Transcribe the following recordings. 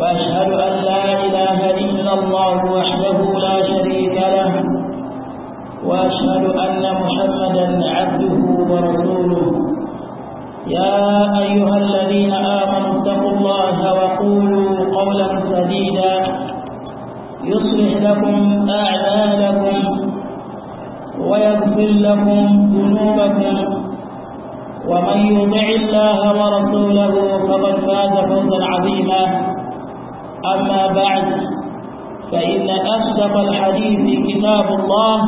وأشهد أن لا إله إلا الله وحده لا شريك له وأشهد أن محمدا عبده ورسوله يا أيها الذين آمنوا اتقوا الله وقولوا قولا سديدا يصلح لكم أعمالكم ويغفر لكم ذنوبكم ومن يطع الله ورسوله فقد فاز فوزا عظيما أما بعد فإن أصدق الحديث كتاب الله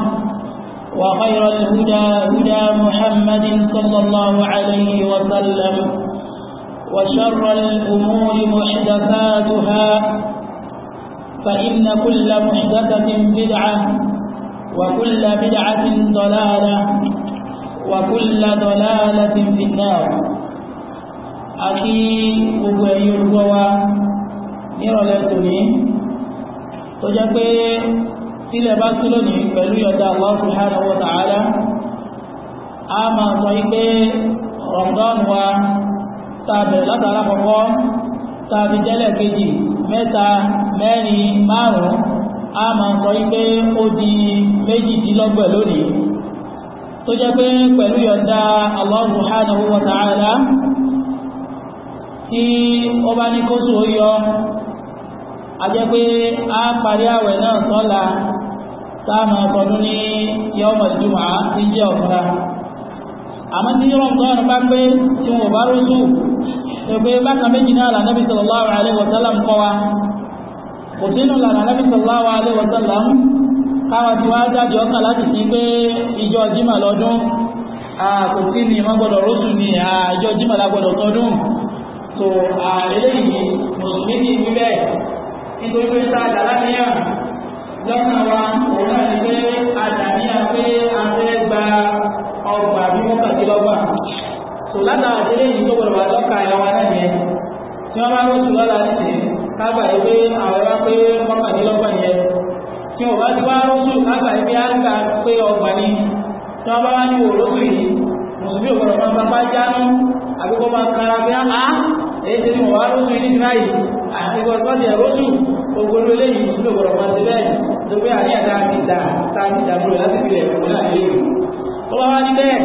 وخير الهدى هدى محمد صلى الله عليه وسلم وشر الأمور محدثاتها فإن كل محدثة بدعة وكل بدعة ضلالة وكل ضلالة في النار أخي أبو nírọ̀lẹ́ tòní tó jẹ́ pé sílẹ̀ bá sí lónìí pẹ̀lú yọ̀dá Allah subhanahu wa a máa sọ wípé Ramadan wa tàbí látara kọ̀kọ́ tàbí jẹ́lẹ̀ kejì mẹ́ta mẹ́rin márùn-ún a máa sọ wípé ó di méjìdínlọ́gbẹ̀ lónìí tó jẹ́ pé pẹ̀lú yọ̀dá tí a jẹ́ pé a parí àwẹ̀ náà sọ́la táàmù ọdún ní yọ́mọ̀ ìjùmọ̀ ní jẹ́ ọ̀fúnra àmọ́ tí Ramadan bá pé tí wọ́n bá rúsù ẹgbẹ́ bákan méjì náà lànàbí sallallahu alaihi wa sallam kọ́ wa kò sínú lànàbí sallallahu alaihi wa sallam káwa tí wọ́n jáde ọkàn láti sí pé ìjọ jímà lọ́dún kò sí ni wọ́n gbọ́dọ̀ rúsù ni ìjọ jímà lágbọ́dọ̀ tọdún so eléyìí mùsùlùmí ní ìbílẹ̀ nítorí pé tá a dà láníyàn lọ́nà wa òun náà ni pé a dà níyàn pé a fẹ́ gba ọgbà bí wọ́n kàdé lọ́gbà tó látara délé yìí tó gbọdọ̀ wà lọ́ka ẹ̀yà wa náà yẹn tí wọ́n bá ń lóṣù lọ́la níṣẹ́ kábà yìí pé àwọn bá pé wọ́n kàdé lọ́gbà yẹn tí wọ́n bá ti wá lóṣù kábà yìí pé á pé ọgbà ni tí wọ́n bá wá ní òrókè yìí mùsùlùmí òkọ̀rọ̀ máa bá bá jáánú àbíkọ́ èyí tí mo wá rúdú ní báyìí àti gbọ́dọ̀ ní ẹ̀rọ́dù gbogbo lóléyìí ló gbọ́dọ̀ máa ti bẹ́ẹ̀ tó pé àníyàn tá a ti dà tá a ti dà lórí láti fi lẹ̀ fún àlẹ́ yìí. tó bá wá ní bẹ́ẹ̀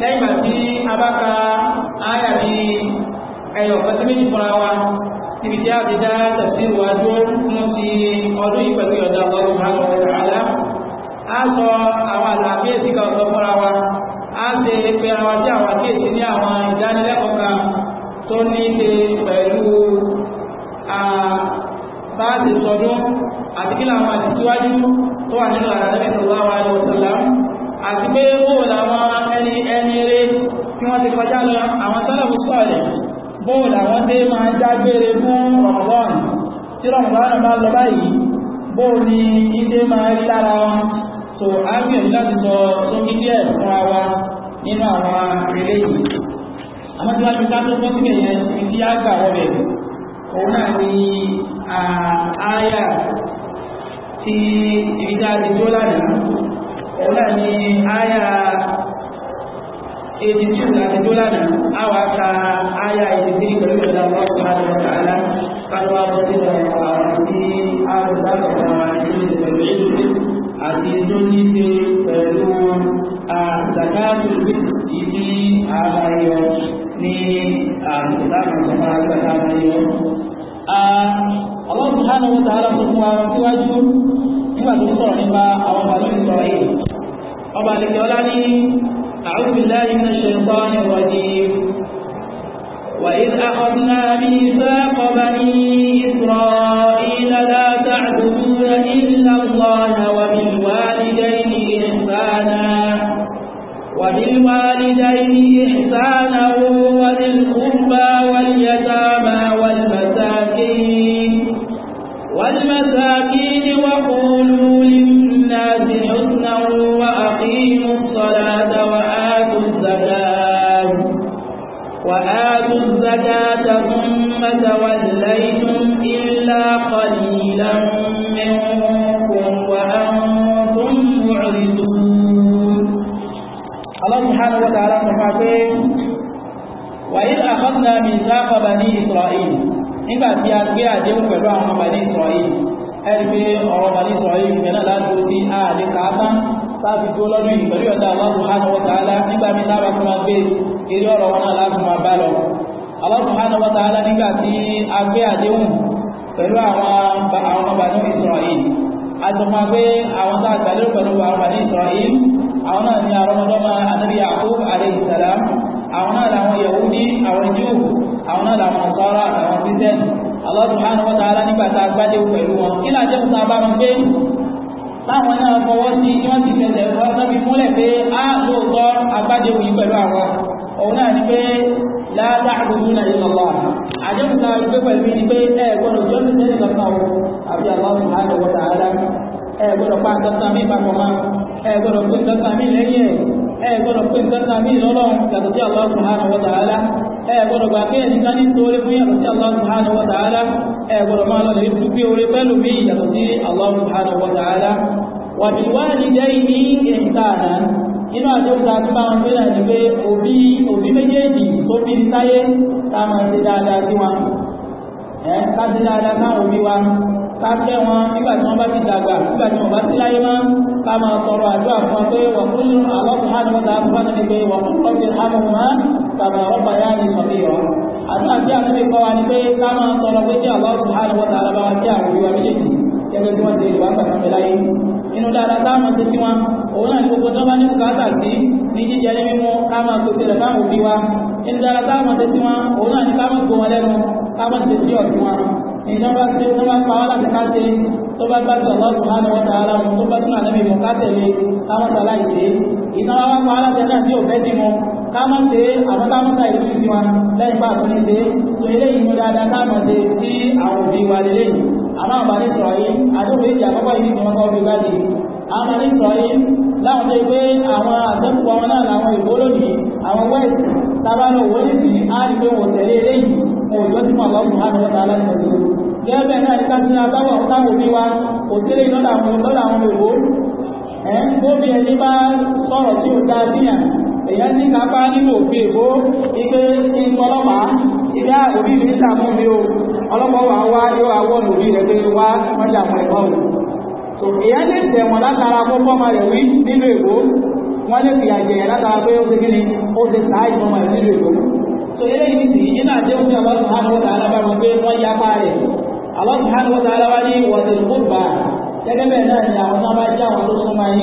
lẹ́yìn ìgbà tí a bá ka áyà bí ẹyọ kan tí méjì fúnra وبالوالدين إحسانا inú àdéhùn tá a ti bá wọn gbé náà ni pé òbí òbí méjèèjì tó bí ní sáyé tá a máa ṣe dáadáa sí wọn ẹ ká ṣe dáadáa sáwọn òbí wa ká fẹ́ wọn nígbà tí wọ́n bá ti dàgbà nígbà tí wọ́n bá ti láyé mọ́ ká máa tọrọ àdúrà fún wọn pé wọ́n kú nínú àlọ́kùn hàn wọ́n dáa fún wọn ni pé wọ́n kú lọ́ọ̀kì hàn wọ́n máa tàbí ọ̀rọ̀bà yá ni sọ̀rọ̀ àwọn òbí wa méjèèjì gẹ́gẹ́ nínú dáadáa tá a máa ṣe sí wọn òun náà ní gbogbo tó bá ní bùkátà sí ní jíjẹ ní mímu ká máa pèsè rẹ̀ fáwọn òbí wa nínú dáadáa tá a máa ṣe sí wọn òun náà ní ká máa gbó wọn lẹ́nu ká máa ṣe sí ọ̀sìn wọn ìjọba bá ṣe tó bá pa wá láti ká ṣe tó bá gbá tó Allah subhanahu wa ta'ala mu tó bá tún àlẹ́ mi ká tẹ̀lé ká má ta láì ṣe bá pa wá láti ẹ̀ka tí ò fẹ́ mu ká má àwọn ká má ta sí wọn lẹ́yìn bá a tó eléyìí mú dáadáa ká má sí àwọn òbí wa lélẹ́yìn àwọn àbáni sọ̀rọ̀ yìí àdúgbò èjì àkọ́kọ́ yìí ti mọ́kọ́ fi láti àwọn àbáni sọ̀rọ̀ yìí láwọn tó pé àwọn àtẹ́kùkọ́ wọn náà làwọn ìbò lónìí àwọn west tábàlù owó nìsín á rí pé wọn tẹ̀lé eléyìí wọn ò jọ sí màlọ́ fún àwọn ọ̀tá aláìsàn tó gẹ́gẹ́ bẹ́ẹ̀ náà nípa sí abáwọ̀ táwọn òbí wa kò sílé lọ́dà àwọn òbò ẹ́ bóbi ẹni tí ó dáa èèyàn ní kápá nínú òfin èkó ike ìtọ́lọ́pàá ilé àròbí mi sàmú mi o ọlọ́pàá wà wá yóò àwọn òbí rẹ̀ wá so èèyàn lè tẹ̀wọ̀n látara kó fọ́mọ rẹ̀ wí nínú èkó wọ́n lè fìyà jẹ̀yẹ̀ látara pé ó ti kí ni ó ti sá ìfọ́mọ rẹ̀ nínú èkó so eléyìí sì iná àdéhùn tí àwọn ti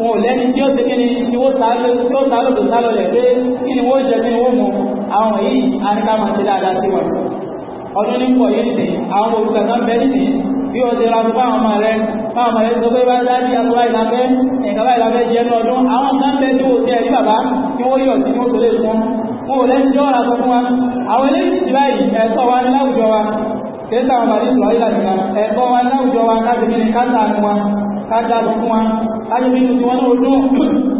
wọn ò lẹ́ni tí ó ṣe kí ni tí ó sàálò tó sálọ lẹ̀ pé kí ni wọ́n jẹ kí ni wọ́n mú àwọn yìí aríkà máa ṣe dáadáa sí wọn ọdún ní pọ̀ yìí nìyí àwọn olùkà náà bẹ́ẹ̀ nìyí bí ó ṣe ra fún àwọn ọmọ rẹ fún àwọn ọmọ rẹ tó pé bá dájú àtúrà ìlàfẹ́ ìkàbá ìlàfẹ́ jẹ́ ní ọdún àwọn kan bẹ́ẹ̀ tí ó ṣe ẹ̀rí bàbá tí wọ́n yọ̀ sí ní òṣèlú fún wọn ò lẹ́ni tí ó ra sọ fún wa àwọn eléyìí ti báyìí ẹ̀tọ́ wa láwùjọ wa kìí sáwọn bàbá ìlú ayélujára ẹ̀tọ́ wa láwùjọ wa káàkiri káàkiri wa káàkiri fún wa ajẹ́bí ní wọn ronú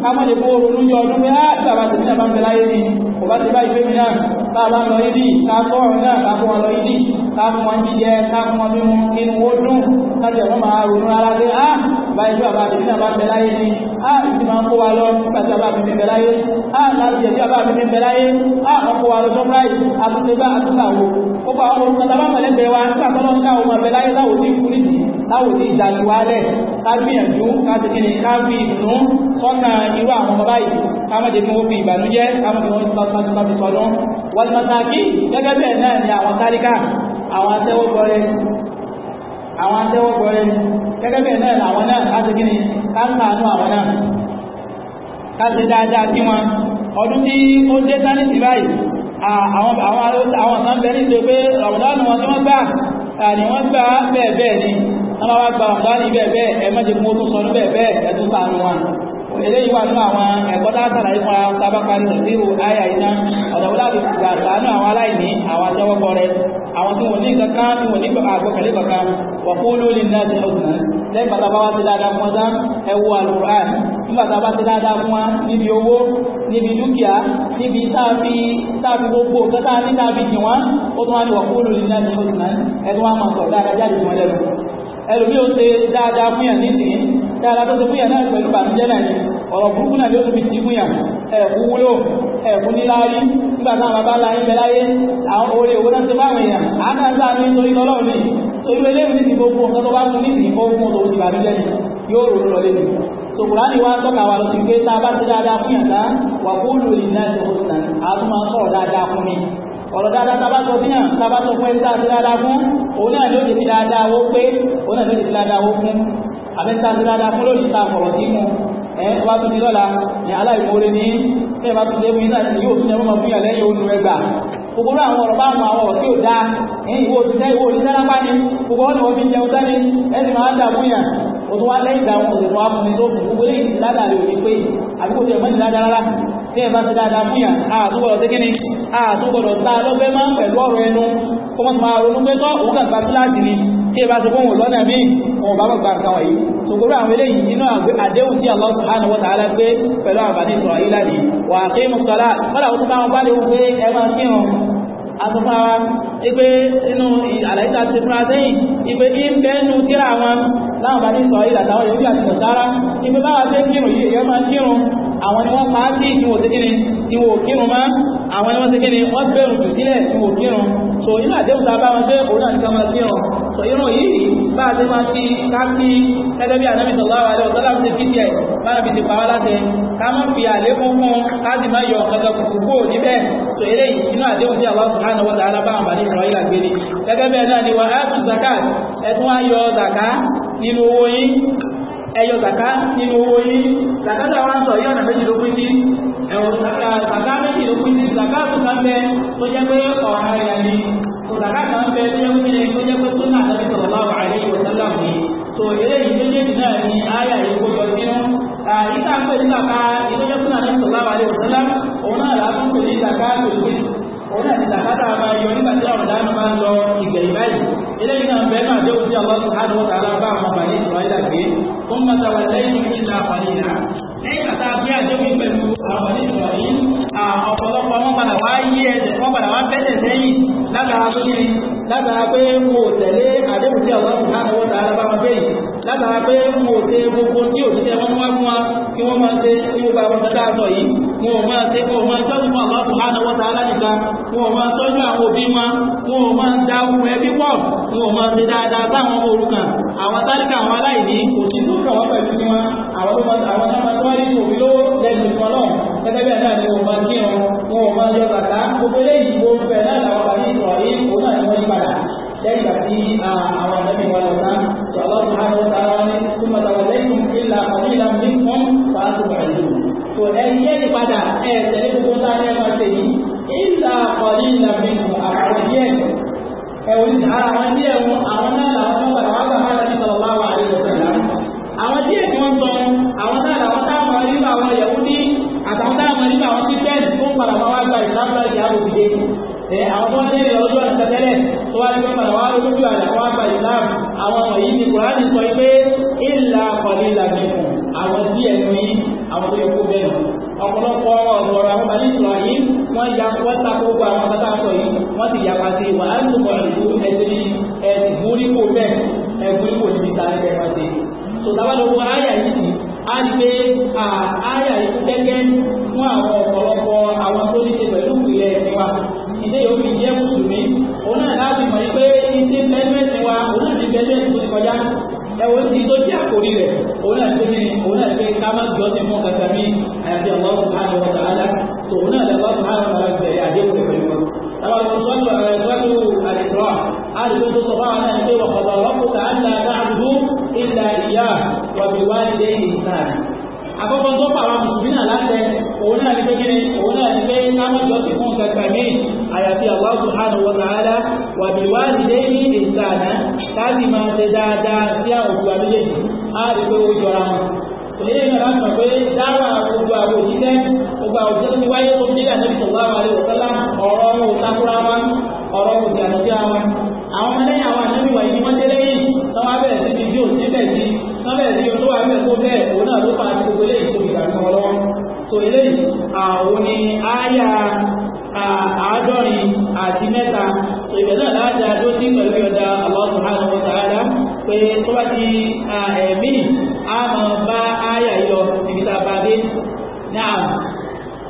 káwọn lè fowó ronú yọ ọdún pé á ah, tí bàbá tèmi náà bá ń bẹ láyé ni kò bá ti bá ìfẹ́ mi náà bá a bá ń lọ yídì ká kọ́ ọ̀rọ̀ náà ká fún wọn lọ yídì ká fún wọn jíjẹ ká fún wọn bí wọn inú ó dùn láti ẹ̀fọ́ máa ronú ara pé á ah, bá ìfẹ́ bàbá tèmi náà bá ń bẹ láyé ni á ah, ìfẹ́ máa ń kó wa lọ nígbà tí bàbá mi ti bẹ láyé á láti ẹ̀fẹ́ bàbá mi ti bẹ láyé á ọkọ̀ wa láwò ní ìjàlù wálẹ̀ kágbìyànjú káti kí ni káàbí ìdùnnú sọ́nà irú àwọn ọmọ báyìí kámọ́jẹ́ fún òfin ìbànújẹ́ kámọ́jẹ́ wọn tọ́tọ́tọ́tọ́ sọ́nà wọ́n mọ́sáàkì gẹ́gẹ́ bẹ́ẹ̀ náà ni àwọn tálíkà àwọn atẹ́wọ́gbọ́rẹ́ àwọn atẹ́wọ́gbọ́rẹ́ gẹ́gẹ́ bẹ́ẹ̀ náà làwọn náà láti kí ni káàkánú àwọn náà káàkiri dáadáa sí wọn ọdún tí ó dé sánísì báyìí àwọn kan bẹ̀rẹ̀ ní pé ọ̀dọ́ ni wọ́n tí wọ́n gbà ni wọ́n gbà bẹ́ẹ̀ bẹ́ẹ̀ ni náà wá gba ọ̀gá ní bẹ́ẹ̀ bẹ́ẹ̀ ẹ má jẹ́ kí wọ́n tún sọ ní bẹ́ẹ̀ bẹ́ẹ̀ ẹ tún sàánú wọn eléyìí wà nínú àwọn ẹ̀kọ́ látàlá yìí fún tábàparí òsírù àyà iná ọ̀dọ̀ wọlé àti ìgbà sàánú àwọn aláìní àwọn àjọwọ́kọ rẹ àwọn tí wọn ní kankan tí wọn ní àgbọ̀kẹ̀lé kankan wọ́n kó lórí náà ti ọ̀sán lẹ́yìn bàtà bá wá ti dáadáa fún ọ̀sán ẹ wo àlùkùrán nígbà tá a bá ti dáadáa fún wa níbi owó níbi dúkìá níbi táàfi táàfi gbogbo kẹta ní táàfi jìn ó tún wá ní wọ́n kó lórí náà ti ọ̀sán ẹ ẹlòmí ò ṣe dáadáa fún yàn nísìnyí dáadáa tó ṣe fún yàn náà pẹ̀lú bàtújẹ́ náà ni ọ̀rọ̀ burúkú náà ló tún fi ti fún yàn ẹ̀kú wúlò ẹ̀kú níláárí nígbà táwọn bàbá ńlá yín bẹ láyé àwọn orí òwò náà ti bá àwọn èèyàn àánà ń sáà ní torí lọ́lọ́run ní torí eléyìí ní ti gbogbo nǹkan tó bá fún nísìnyí ó fún òun ti bàtújẹ́ ni yóò rò lọ lé sòkùránì wa tọ́ka wa lọ sí pé tá a bá ti dáadáa fún yàn tán wà kó lò lè ní àti òkúta àtúmọ̀ sọ̀rọ̀ dáadáa fún mi ọ̀rọ̀ dáadáa tá a bá sọ fún yàn tá a bá sọ fún ẹni tá a ti dáadáa fún òun náà ló lè fi dáadáa wó pé òun náà ló lè fi dáadáa wó fún àbẹ́ni tá a ti dáadáa fún lónìí tá a fọ̀rọ̀ sí mu ẹ wá tún ní lọ́la ní aláìmoore ní tẹ́ ẹ bá tún lé mu iná ní yóò tún ẹ mọ́ fún yàn lẹ́yìn olú rẹ gbà gbogbo àwọn ọ̀rọ̀ báwọn àwọn ọ̀rọ̀ tí ò dáa ẹ̀yìn ìwò òṣìṣẹ́ ìwò òṣìṣẹ́ lápá ni gbogbo ọ̀nà omi jẹun sẹ́ni ẹ̀sìn máa ń dààmú yàn òtún wá lẹ́yìn ìdààmú òṣèlú wa fún mi tó fún gbogbo lẹ́yìn ládàá rẹ̀ òní pé àbíkó tẹ̀ mọ́ni ládàá rárá tí ẹ bá ti dáadáa fún yàn àtúbọ̀ ọ̀sẹ̀ kínní àtúgbọ̀dọ̀ tá a lọ́gbẹ́ máa ń pẹ̀lú ọ̀rọ̀ ẹnu kó mọ́ máa ronú pé tọ́ òun kàgbà kíláàsì ni tí ẹ bá ti fún òun lọ́nà míì òun bá gbà kan wọ̀nyí ṣògbóró àwọn eléyìí nínú àdéhùn tí Allah subhanahu wa ta'ala gbé pẹ̀lú àbáni sọ̀rọ̀ yìí láti wà kí mo sọ́lá kọ́lá òun bá wọn bá láwọn bá ní sọ̀rọ̀ yìí ìlú àti sọ̀sára ipe báwa ṣe kírun yìí èèyàn máa kírun àwọn ni wọ́n pa á sí tí wò síkíni tí wò kírun má àwọn ni wọ́n síkíni wọ́n bẹ̀rù jù sílẹ̀ tí wò kírun so inú àdéhùn bá wọn jẹ́ òun àti so irun yìí bá a ti máa fi ká sí gẹ́gẹ́ bí anábì sallallahu alaihi wasallam ti fi tiẹ̀ bá a fi ti pa wá láti ká má fi àlékún fún ká Allah subhanahu wa ta'ala bá wọn bá ní ìrọ̀ yìí làgbé ni gẹ́gẹ́ bẹ́ẹ̀ náà ni wà ẹyọ zaka nínú owó yìí zaka tó àwọn sọ yọ̀nà méjì ló pín sí ẹ̀wọ̀n zaka méjì ló pín sí zaka tó kan bẹ tó jẹ́ pé ọ̀ràn rẹ̀ ni kò zaka kan bẹ tó jẹ́ pé tó jẹ́ pé tó náà tẹ̀lé sọ̀rọ̀ bá wà ní ìwọ̀sánlá mi tó eléyìí méjèèjì náà ni ayà yìí kó yọ sínú ìta pé ní zaka ìtọ́jọ́ tó náà tẹ̀lé sọ̀rọ̀ bá wà ní ìwọ̀sánlá òun náà làá òun náà ti sàkátà máa yọ nígbà tí àwọn dáná máa ń lọ ìgbẹ̀yìn báyìí eléyìí náà bẹ́ẹ̀ náà jẹ́ òsì àwọn subhanahu wa ta'ala bá àwọn bàní ìsọ̀rọ̀ ìlà gbé ó ń mọ̀ta wà lẹ́yìn ìlà àpàlẹ́ ìlà lẹ́yìn àtà bí àdéhùn pẹ̀lú àwọn bàní ìsọ̀rọ̀ yìí ọ̀pọ̀lọpọ̀ wọn padà wá yí ẹsẹ̀ wọn padà wá bẹ́sẹ̀ sẹ́yìn látara tó ní látara pé mo tẹ̀lé àdéhùn tí àwọn subhanahu wa ta'ala bá wọn bẹ́yìí látara pé mo ṣe gbogbo tí òṣìṣẹ́ wọn wá fún wa kí wọ́n máa ṣe ní gbogbo àwọn ọ̀dọ́ dáadọ̀ yìí mo máa ṣe mo máa ṣe fún àwọn subhanahu wa ta'ala nìkan wọn ò máa tọ́jú àwọn òbí wọn wọn ò máa da ohun ẹbí pọ̀ wọn ò máa ṣe dáadáa sáwọn ọmọ òrukàn àwọn tálíkà àwọn aláìní kò sí tó kàn wọ́n pẹ̀lú ní wọn àwọn tó àwọn táwọn tó wá ní òbí ló lẹ́nu ìkan náà gẹ́gẹ́ bí àdáyé wọn máa kí wọn wọn ò máa yọ bàtà gbogbo eléyìí wọn fẹ́ náà làwọn bàbá yìí sọ̀rọ̀ yìí òun náà ni wọ́n yí padà lẹ́yìn àti àwọn àdáyé wọn lọ sá sọ̀rọ̀ sọ̀rọ̀ sọ̀rọ̀ ní kúmọ̀tàwọ̀ lẹ́yìn ìlà ọ̀nìyàn mi fún fàásù pẹ̀lú. kò ẹ̀yẹ́ ìpadà ẹ̀ tẹ̀lé ẹ̀wọ̀n ní ara àwọn ilé ẹ̀wọ̀n àwọn náà làwọn náà padà wá gbàgbọ́ àti sọ̀rọ̀ láwà àríwọ̀ sẹ́lá àwọn díẹ̀ tí wọ́n tán àwọn náà làwọn táwọn nínú àwọn ìyẹ̀wò ní àtàwọn táwọn nínú àwọn kírísítẹ́nì tó ń padà wá gba ìsìlámù ìyá òbíde ẹ̀ àwọn tó ń tẹ́lẹ̀ ọjọ́ àtẹ́tẹ́lẹ̀ tó wá ti padà wá lójú àlà wá gba ìsìlámù àwọn wọ̀nyí ni kùránì sọ pé ìlà kọ̀lí làbẹ̀kùn àwọn díẹ̀ nù yí àwọn tó yẹ kó bẹ́ẹ̀ ọ̀pọ̀lọpọ̀ ọ̀rọ̀ àwọn wọ́n ya wọ́n takò gbogbo àwọn akátá sọ yìí wọ́n ti yapa sí wà á lù kọ́ ìlú ẹ̀sìn ẹ̀sìn múríkò bẹ́ẹ̀ ẹ̀gbúríkò níbi ìtàlẹ́kẹ̀ẹ́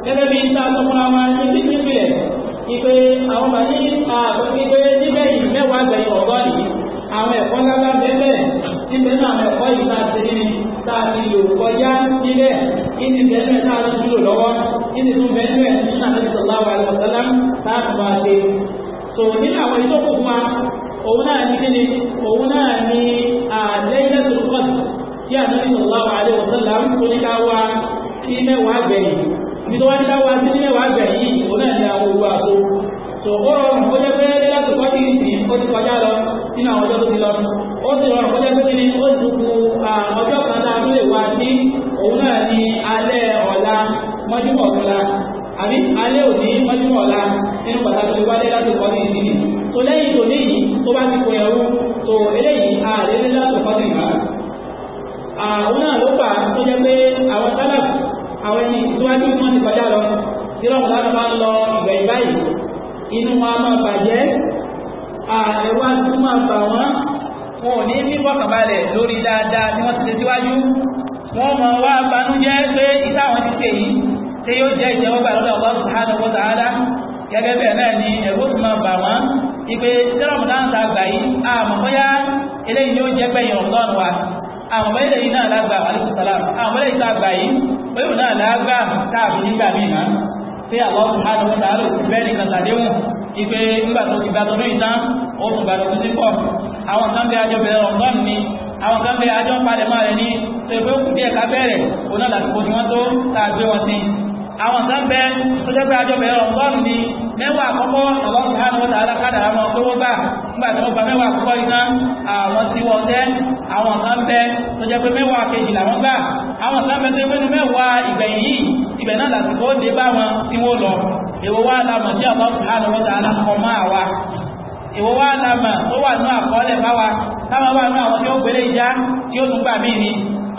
gẹ́gẹ́ bí ta tọkùnra wa ní ti ti pilẹ̀ ìpè àwọn bàbí ìpè níbẹ̀ yìí mẹ́wàá gbẹ̀yìn ọ̀gọ́ yìí àwọn ẹ̀kọ́ ńláńlá bẹ́ẹ̀ níbẹ̀ náà àwọn ẹ̀kọ́ yìí láti ní ta ti lò kọjá níbẹ̀ ìdí bẹ́ẹ̀ náà ta ti dúró lọ́wọ́ ìdí tún bẹ́ẹ̀ náà ní sàmì sallallahu alaihi wasallam láti máa ṣe. tò nínú àwọn ìtọ́kùn wa òun náà ní kíni òun náà tó ó rọrùn ó jẹ́ pé láti kọ́ sí ìsìn ó ti kọjá lọ nínú àwọn ọjọ́ tó ti àwọn kan bẹ àjọ bẹ̀rẹ̀ ọ̀gbọ́n ni àwọn kan bẹ àjọ palẹ̀ máa rẹ̀ ní tó ìgbé òkú díẹ̀ ká bẹ̀rẹ̀ òun náà lásìkò tí wọ́n tó tá a gbé wọn sí àwọn kan bẹ tó jẹ́ pé àjọ bẹ̀rẹ̀ ọ̀gbọ́n ni mẹ́wàá àkọ́kọ́ ọ̀gbọ́n kan ní wọ́n tààrà kádà àwọn olówó gbà nígbà tí wọ́n gba mẹ́wàá àkọ́kọ́ iná àwọn tí wọ́n tẹ́ àwọn kan bẹ tó jẹ́ pé gbà mẹ́wàá ìwọ wá lámà ó wà ní àkọọ́lẹ̀ bá wa táwọn wà ní àwọn tí ó gbélé ìjá tí ó tún gbà ni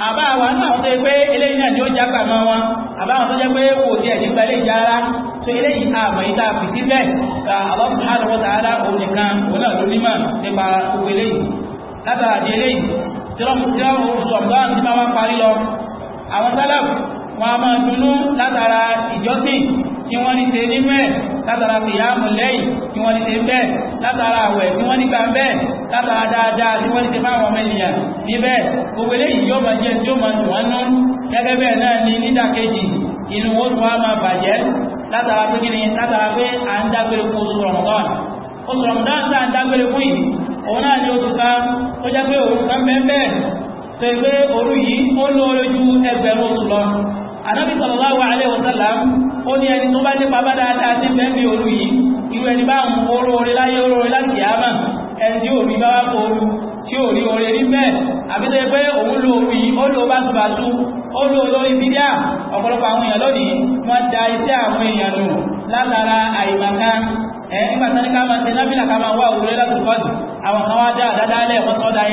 àbá àwọn náà wọ́n tó yẹ pé eléyìí náà ni ó já gbà mọ́ wọn àbá àwọn tó jẹ́ pé kò tiẹ̀ ní gbà eléyìí rárá tó eléyìí àmọ̀ yìí tá a fi síbẹ̀ ká Allah subhanahu wa ta'ala òun nìkan òun náà ló nímọ̀ nípa gbogbo eléyìí látara di eléyìí tí wọ́n ti wọ́n sọ ọ̀gbọ́n tí máa wá látara fìyàmù lẹ́yìn tí wọ́n ti ṣe bẹ́ẹ̀ látara àwẹ̀ tí wọ́n nígbà bẹ́ẹ̀ látara dáadáa tí wọ́n ti ṣe fáwọn ọmọ ènìyàn níbẹ̀ gbogbo eléyìí yóò máa jẹ́ tí ó máa dùn wọ́n gẹ́gẹ́ bẹ́ẹ̀ náà ni nídàkejì inú wọn tún wá máa bàjẹ́ látara pé kíni látara pé à ń dágbére fún oṣù Ramadan oṣù Ramadan tá à ń dágbére fún yìí òun náà ni oṣù kan ó jẹ́ pé òru kan bẹ́ẹ̀ bẹ́ẹ̀ pé pé òru yìí ó lóore ju ẹgbẹ̀rún oṣù ànábì sallallahu alaihi wasallam ó ní ẹni tó bá nípa bá dáadáa sí bẹ́ẹ̀ bí olú yìí irú ẹni bá ń oróore láyé oróore láti yàmà ẹni tí òrí bá wá kóoru tí òrí oore rí bẹ́ẹ̀ àbíṣe pé òun ló rí ó lò bátúbátú ó lò lórí bídíà ọ̀pọ̀lọpọ̀ àwọn èèyàn lónìí wọ́n da iṣẹ́ àwọn èèyàn nù látara àìmàká ẹ̀ nígbà tán ní ká máa ṣe nábìlà ká máa wá òwúrẹ́ látòkọ́dù àwọn kan wá dá àdádálẹ̀ wọ́n tọ́ da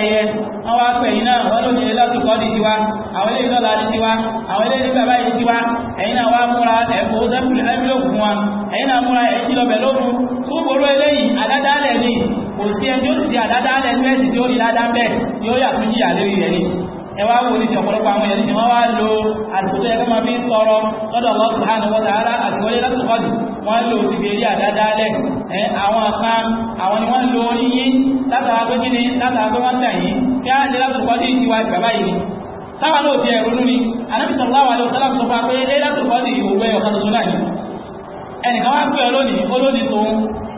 wọ́n wá pẹ̀ yìí náà wọ́n lónìí lọ́tù kọ́ di tiwa àwọn eléyìí lọ́la di tiwa àwọn eléyìí bàbá yìí tiwa ẹ̀yin náà wá múra ẹ̀kọ́ sẹ́kùlù ẹ̀mílòkùn wa ẹ̀yin náà múra ẹ̀yìn lọ́bẹ̀ lókun tó gbòòrò eléyìí àdádálẹ̀ ni kò sí ẹni tó ti àdádálẹ̀ fẹ́ẹ̀sì tí ó rí ládá bẹ́ẹ̀ yóò yàtú jìyà lórí rẹ̀ ni ẹ wá wo oríṣi ọ̀pọ̀lọpọ̀ àwọn ẹ̀rí ni wọ́n wá lo àtúntò ẹ̀kọ́ máa fi ń tọrọ lọ́dọ̀ Allah subhanahu wa ta'ala àtìwọlé láti wọ́n lo tìbérí àdádálẹ̀ ẹ̀ àwọn kan àwọn ni wọ́n lo oríyìn látara pé ni látara pé wọ́n tẹ̀ yín kí á lè látòkọ́ dé ìwà ìgbàgbá yìí táwa náà ti ẹ̀rọ ní Ànábì sallallahu alaihi wasallam sọ pé lè látòkọ́ dé ìwò gbẹ́ ọ̀kan tuntun ni ẹnìkan wá pé olónìí olónìí tòun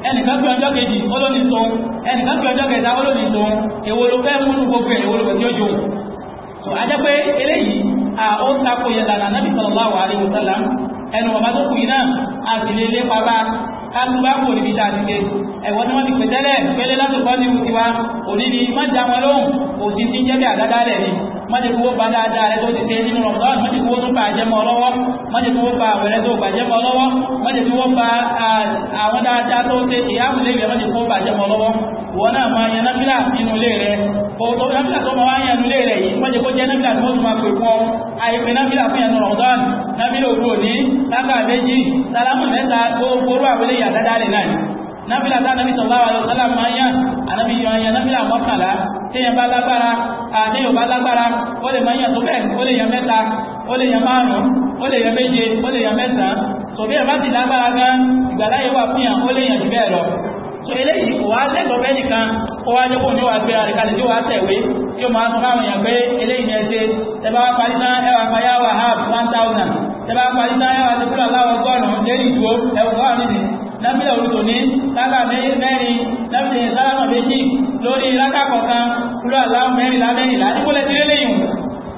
ẹnìkan pé ọjọ́ kejì olónìí tòun ẹnìkan pé ọjọ́ kẹta olónìí tòun èwo ló fẹ́ múnú gbogbo ẹ̀ tí ó jò so a jẹ́ pé eléyìí à ó takò yẹ lànà Ànábì sallallahu alaihi ẹnu bàbá kù yìí àti lè lépa bá kálùbá kò níbi tá a ti gbé ẹ̀wọ́n tí wọ́n ti pẹ̀tẹ́lẹ̀ pẹ́lẹ́ látòkọ́ ní ìwé tiwa òní ni má dá wọn lóhùn òsì ti ń jẹ́ bí àdádálẹ̀ ni mọ́jẹ̀kúwó bá dáadáa rẹ tó ti tẹ́ nínú Ramadan mọ́jẹ̀kúwó tó bá àjẹmọ́ ọlọ́wọ́ mọ́jẹ̀kúwó bá àwẹ̀ rẹ tó bàjẹmọ́ ọlọ́wọ́ mọ́jẹ̀kúwó bá àwọn dáadáa tó tẹ́ ìyáàmùlé rẹ mọ́jẹ̀kúwó bàjẹmọ́ ọlọ́wọ́ wọn náà máa yan náfìlà nínú ilé rẹ òtò náfìlà tó máa yan ilé rẹ yìí mọ́jẹ̀ kó jẹ́ náfìlà tó máa pè fún ọ àìpé náfìlà fún yanu Ramadan náfìlà òru òní lágbà méjì sálámù mẹ́ta tó gbóró àwọn eléyà dáadáa rẹ náà náfìlà tá a nàbì sallallahu alaihi téèyàn bá lágbára àtẹ́yàn bá lágbára ó lè máa yàn tó bẹ́ẹ̀ ó lè yàn mẹ́ta ó lè yàn márùn-ún ó lè yàn méje ó lè yàn mẹ́sàn-án tòbí ẹ̀ bá ti lágbára gan ìgbàláyé wà fún yàn ó lè yàn jù bẹ́ẹ̀ lọ so eléyìí kò wá lẹ́tọ̀ọ́ bẹ́ẹ̀ nìkan ó wá jẹ́kùn ní wà gbé ara tí ó wá tẹ̀wé tí ó máa sọ fáwọn èèyàn pé eléyìí ni ẹsẹ̀ tẹ́bá wá parí náà ẹwà payá wà half one thousand tẹ́bá wá parí náà ẹwà tẹ́kùrọ̀ aláwọ̀ ọgọ́rùn-ún ìdúró ẹwùn wà nínú nábìlẹ̀ olùtò ní sábà mẹ́rin nábìlẹ̀ sábà méjì lórí lákàkọ̀kan kúrò aláwọ̀ mẹ́rìnlá mẹ́rìnlá níbo lẹ́tí lé lẹ́yìn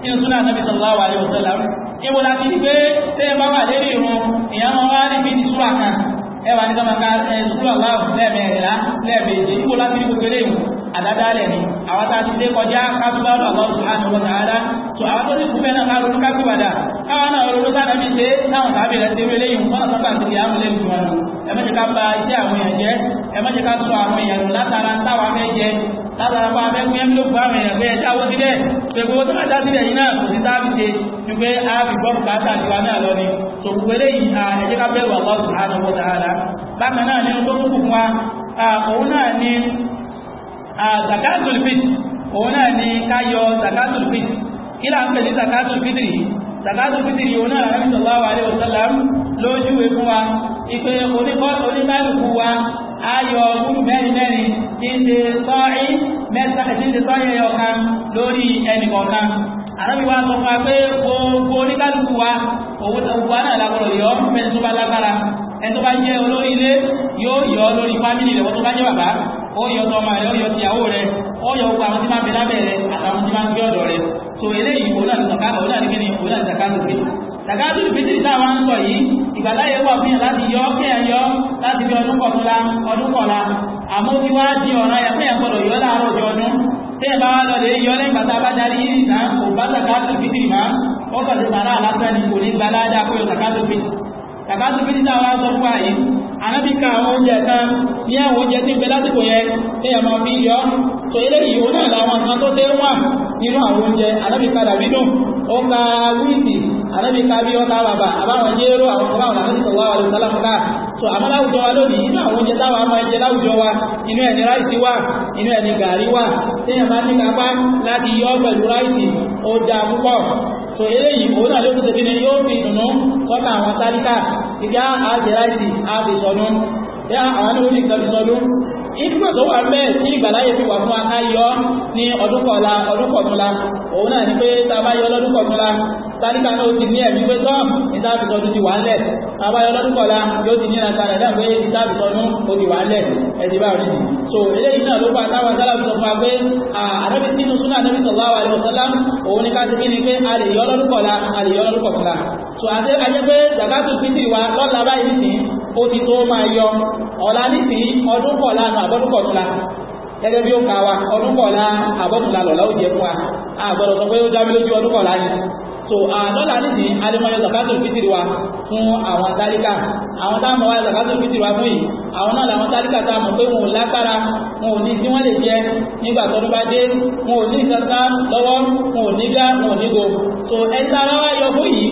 nínú súnà nàbí sallallahu alaihi wasallam níbo la ti di pé tẹ́yìn bá wà lérí ìrun ìyá wọn wá níbi ní súrà kan ẹwà ní sọ́mọ́ká ẹ̀ sùkúrò aláwọ̀ lẹ́ẹ̀mẹ́rìnlá lẹ́ẹ̀mẹ́jì níbo àdádálẹ̀ ni àwọn tá a ti dé kọjá kásùbá ọ̀dọ̀ Allah subhanahu wa ta'ala tó àwọn tó ti kú fẹ́ràn ká ronú kápẹ́wàdà káwọn náà ronú sáà mi ṣe táwọn tàbí rẹ̀ ṣe wẹ́lẹ́ yìí wọ́n sábà ti yàrá lẹ́nu jù wọn ẹ má jẹ́ ká bà iṣẹ́ àwọn èèyàn jẹ́ ẹ má jẹ́ ká sọ àwọn èèyàn látara táwa fẹ́ jẹ látara bá fẹ́ mú ẹ̀mí ló gba àwọn èèyàn pé ẹ dáwọ́ sílẹ̀ pé gbogbo tó bá dá sílẹ̀ a fi ni Ah, zakatul fitr òun náà ni ká yọ zakatul fitr kí là ń pè ní zakatul fitr yìí zakatul fitr yìí òun náà rẹ̀ sallallahu alaihi wasallam lójú ẹkún wa ìpè oníkálukú wa ayọ̀ gúrù mẹ́rin mẹ́rin tí ń ṣe sọ́ọ̀rí mẹ́ta tí ń ṣe sọ́ọ̀rí ẹyọ kan lórí ẹnì kọ̀ọ̀kan àrẹ́bí wa sọ fún wa pé gbogbo oníkálukú wa owó wa náà lágbọ́dọ̀ yọ ẹni tó bá lágbára ẹni tó bá jẹ́ olórí ilé yóò yọ lórí fámìlì rẹ̀ wọ́n tó bá jẹ́ bàbá ó yọ tọ́ ọmọ rẹ ó yọ tìyàwó rẹ ó yọ gbogbo àwọn tí máa ń bẹ àtàwọn tí máa ń ọ̀dọ̀ rẹ tó eléyìí òun náà wá lọ lè yọ lẹ́yìn bá darí yìí kò bá sàkáàtù ìbítì mà ó kàn sí sàrà lásán ni kò ní gbalá kó yọ sàkáàtù ìbítì sàkáàtù ìbítì táwọn ń sọ ànábìkà àwọn oúnjẹ kan ní àwọn oúnjẹ tí ń bẹ lásìkò yẹn ní ẹ̀mọ́ bí yọ tó eléyìí ó náà làwọn kan tó tẹ́ wà nínú àwọn oúnjẹ ànábìkà dàbídùn ó ka wíìtì ànábìkà bí ọta bàbà àbáwọn jéró àwọn kan báwọn àti sọ̀rọ̀ àwọn olùsálàmù náà tó àmọ́ láwùjọ wa lónìí inú àwọn oúnjẹ táwa máa jẹ láwùjọ wa inú ẹ̀ ní ráìsì wà inú ẹ̀ ní gàrí wà téèyàn bá ní kápá láti yọ pẹ̀lú ráìsì ó dáa púpọ̀ tó eléyìí òun náà ló tún ṣe fi ni yóò ìgbà àjẹ́ráìsì àbìsọ̀nú yá àwọn olùkàbìsọ̀nú ìgbà tó wà mẹ́ tí ìgbàláyé fi wà fún akáyọ́ ní ọdúnkọ̀ọ́lá ọdúnkọ̀ọ́túnlá òun náà ni pé tàbáyọ́ lọ́dúnkọ̀ọ́túnlá tàbíkà náà ti ní ẹ̀mí pé tọ́ ìdábìtọ́dún yóò ti ní ẹ̀ka so eléyìí náà ló pa táwọn sálábì sọ fún wa pé àrẹ́bí sínú súnà àrẹ́bí a lè ó ti tó máa yọ ọ̀la nísìnyí ọdún kọ̀ọ̀la nù àbọ́dún kọ̀ọ̀tùla gẹ́gẹ́ bí ó ka wa ọdún kọ̀ọ̀la àbọ́dúnla lọ̀la ó jẹ fún wa àgbọ̀dọ̀ sọ pé ó dábí lójú ọdún kọ̀ọ̀la ni so àdọ́là nìsín alẹ́mọ̀yọ zakatul fitiri wa fún àwọn tálíkà àwọn táàmù wa zakatul fitiri wa fún yìí àwọn náà làwọn tálíkà táàmù pé wọn ò lágbára wọn ò ní tí wọ́n lè jẹ nígbà tó bá dé wọn ò ní kankan lọ́wọ́ wọn ò ní gá wọn ò ní go so ẹ̀ta ara wa yọ fún yìí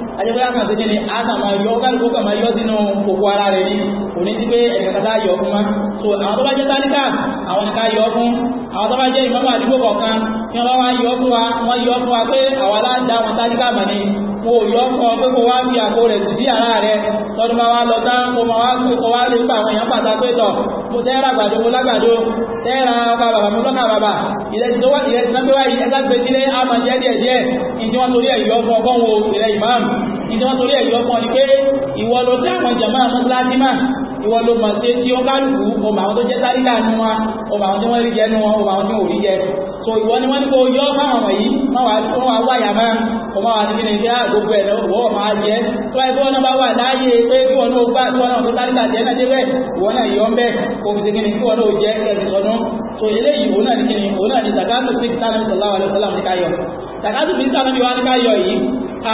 ajẹ́gbẹ́ àkàn sí kíni àtàmà yọ kálukú kàmà yọ sínú òkú ara rẹ̀ ní òní sí pé ẹ̀kàtà yọ fún wa so àwọn tó bá jẹ́ tálíkà àwọn nìkan yọ fún àwọn tó bá jẹ́ ìmọ̀mọ̀ àdúgbò kọ̀ọ̀kan tí wọ́n bá wá yọ fún wa pé àwọn aláǹdá wọn tálíkà mà ní mo yọ ọkọ̀ pé kò wá fi àpò rẹ̀ sí yàrá rẹ̀ tọ́dún máa wá lọ tá mo máa wá pé kò wá lè pa àwọn èèyàn pàtàkì pé tọ̀ mo tẹ́ra àgbàdo mo lágbàdo tẹ́ra ọkà bàbà mo lọ́kà bàbà ìrẹsì tó wá ìrẹsì náà pé wáyé ẹgbẹ́ gbé sílé àmọ̀ jẹ́ díẹ̀ díẹ̀ ìdí wọn torí ẹ̀yọ́ fún ọgbọ́n wo ìrẹ ìmáàmù ìdí wọn torí ẹ̀yọ́ fún ọ ni pé ìwọ ló dá àwọn jàmáà mọ́sálásí máa ìwọ ló mọ̀ sí tí ó bá lù ú ọmọ àwọn tó jẹ́ sáríkà nu wa ọmọ àwọn tí wọ́n rí jẹ nu wọn ọmọ àwọn tí wọ́n rí jẹ so ìwọ ni wọ́n ní kó yọ fáwọn wọ̀nyí wọ́n wá wáyà máa ọmọ àwọn àti bíi nígbà gbogbo ẹ̀ lọ́wọ́ ọmọ àjẹ́ tó wáyé bí wọ́n náà bá wà láàyè pé bí wọ́n náà gbà tí wọ́n náà tó sáríkà jẹ́ náà débẹ̀ ìwọ́n náà yọ ń bẹ̀ kò fi segin ní kí wọ́n náà jẹ́ ẹ̀sìn sọdún so eléyìí òun náà ní kí ni òun náà ní zakatu fi sáré sọlá wà lọ́sọ̀lá ní ká yọ zakatu fi sáré wà ní ká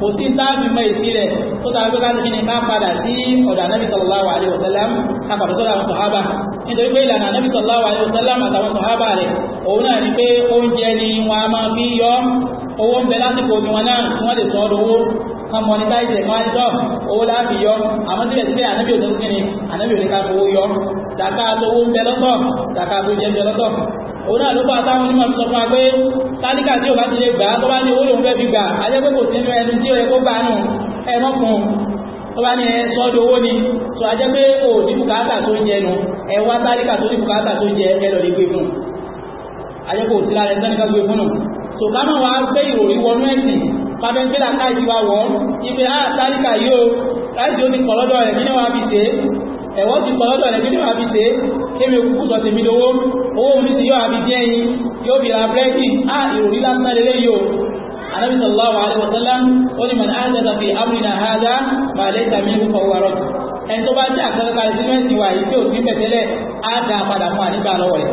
kò sí táàmì mọ́ èsì rẹ̀ tó tàbí pé káàkiri ní máa padà sí ọ̀dọ̀ anábì sallallahu alaihi wasallam àpàdé sọ́dọ̀ àwọn sọ̀hábà nítorí pé ìlànà anábì sallallahu alaihi wasallam àtàwọn sọ̀hábà rẹ̀ òun náà ni pé oúnjẹ ni wọn a máa fi yọ owó ń bẹ lásìkò ní wọn náà tí wọ́n lè sọ ọdún owó kan monetize ẹ̀ máa tọ́ owó láàbì yọ àmọ́ síbẹ̀ síbẹ̀ ànábì òdún kí ni ànábì òdún ká fowó yọ dàkà tó owó ń bẹ lọ́tọ̀ dàkà tó jẹ́ ń bẹ lọ́tọ̀ òun náà ló bá táwọn onímọ̀ sọ fún wa pé tálíkà tí ò bá ti lè gbà tó bá ní owó lòun fẹ́ fi gbà á jẹ́ pé kò sí nínú ẹni tí ó yẹ kó gbà nù ẹran kan tó bá ní ẹ sọ́dọ̀ owó ni tó a jẹ́ pé ò ní bùkátà tó ń jẹ nu ẹ wá tálíkà tó ní bùkátà tó ń jẹ ẹ lọ lè gbé fún a jẹ́ pé ò sí lára ẹni tẹ́nìkan gbé fún nù tó ká mọ̀ wá gbé ìròrí wọnú ẹ̀sìn pàbẹ́ gbé ẹ̀wọ́n ti pọ̀ lọ́dọ̀ rẹ̀ kí ni wàá fi ṣe kémi òkùnkùn sọ tèmi lówó owó mi ti yọ àbí díẹ̀ yín yóò fi ra búrẹ́dì á ìròrí lásán lélẹ́ yìí o anabi sallallahu alayhi wa sallam ó ní mọ̀nà áńdà tàbí amúnà áńdà mà lè tàmí ìlú kọ̀ wọ́rọ̀ ẹni tó bá dá àkàkà rẹ̀ sínú ẹ̀sìn wà yìí tí ò sí pẹ̀tẹ́lẹ̀ á dá padà fún àníbà lọ́wọ́ rẹ̀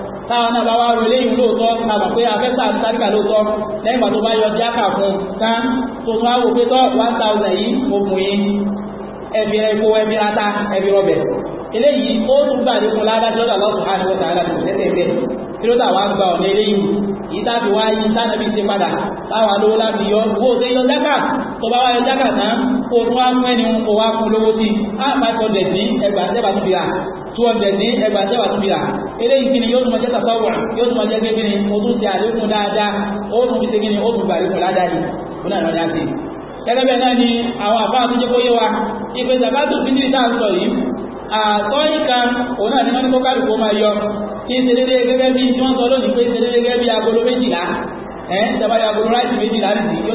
táwọn náà bá wá rò léyìn lóòótọ́ tàbà pé afẹ́sà àtàríkà lóòótọ́ lẹ́yìn tó bá yọ jákà fún tán tó tún áwò pé tọ́ 1000 yìí ogun yìí ẹbí ẹkọ ẹbí ata ẹbí ọbẹ̀ eléyìí ó tún gbà ní fún ládájọ́ lọ́sùn tí ló bá wá jákà tán kó tún wá fún ẹni kó wá fún lówó sí i á 500 ní tó ọ̀dẹ̀ ní ẹgbà tẹ́wà tó bìrà eléyìí kí ni yóò tún ma jẹ́ tasọ́wọ̀ yóò tún ma jẹ́ gẹ́gẹ́ ni o tún ti àlékún dáadáa ó tún fi segin ni ó tún bàrí kọ̀lá dáadé ó náà lọ́dá sí gẹ́gẹ́ ni àwọn àbá tó jẹ́ kó yé wa ìpè sàbátù fitiri tá à ń sọ yìí àtọ́ ìka òun náà ni yóò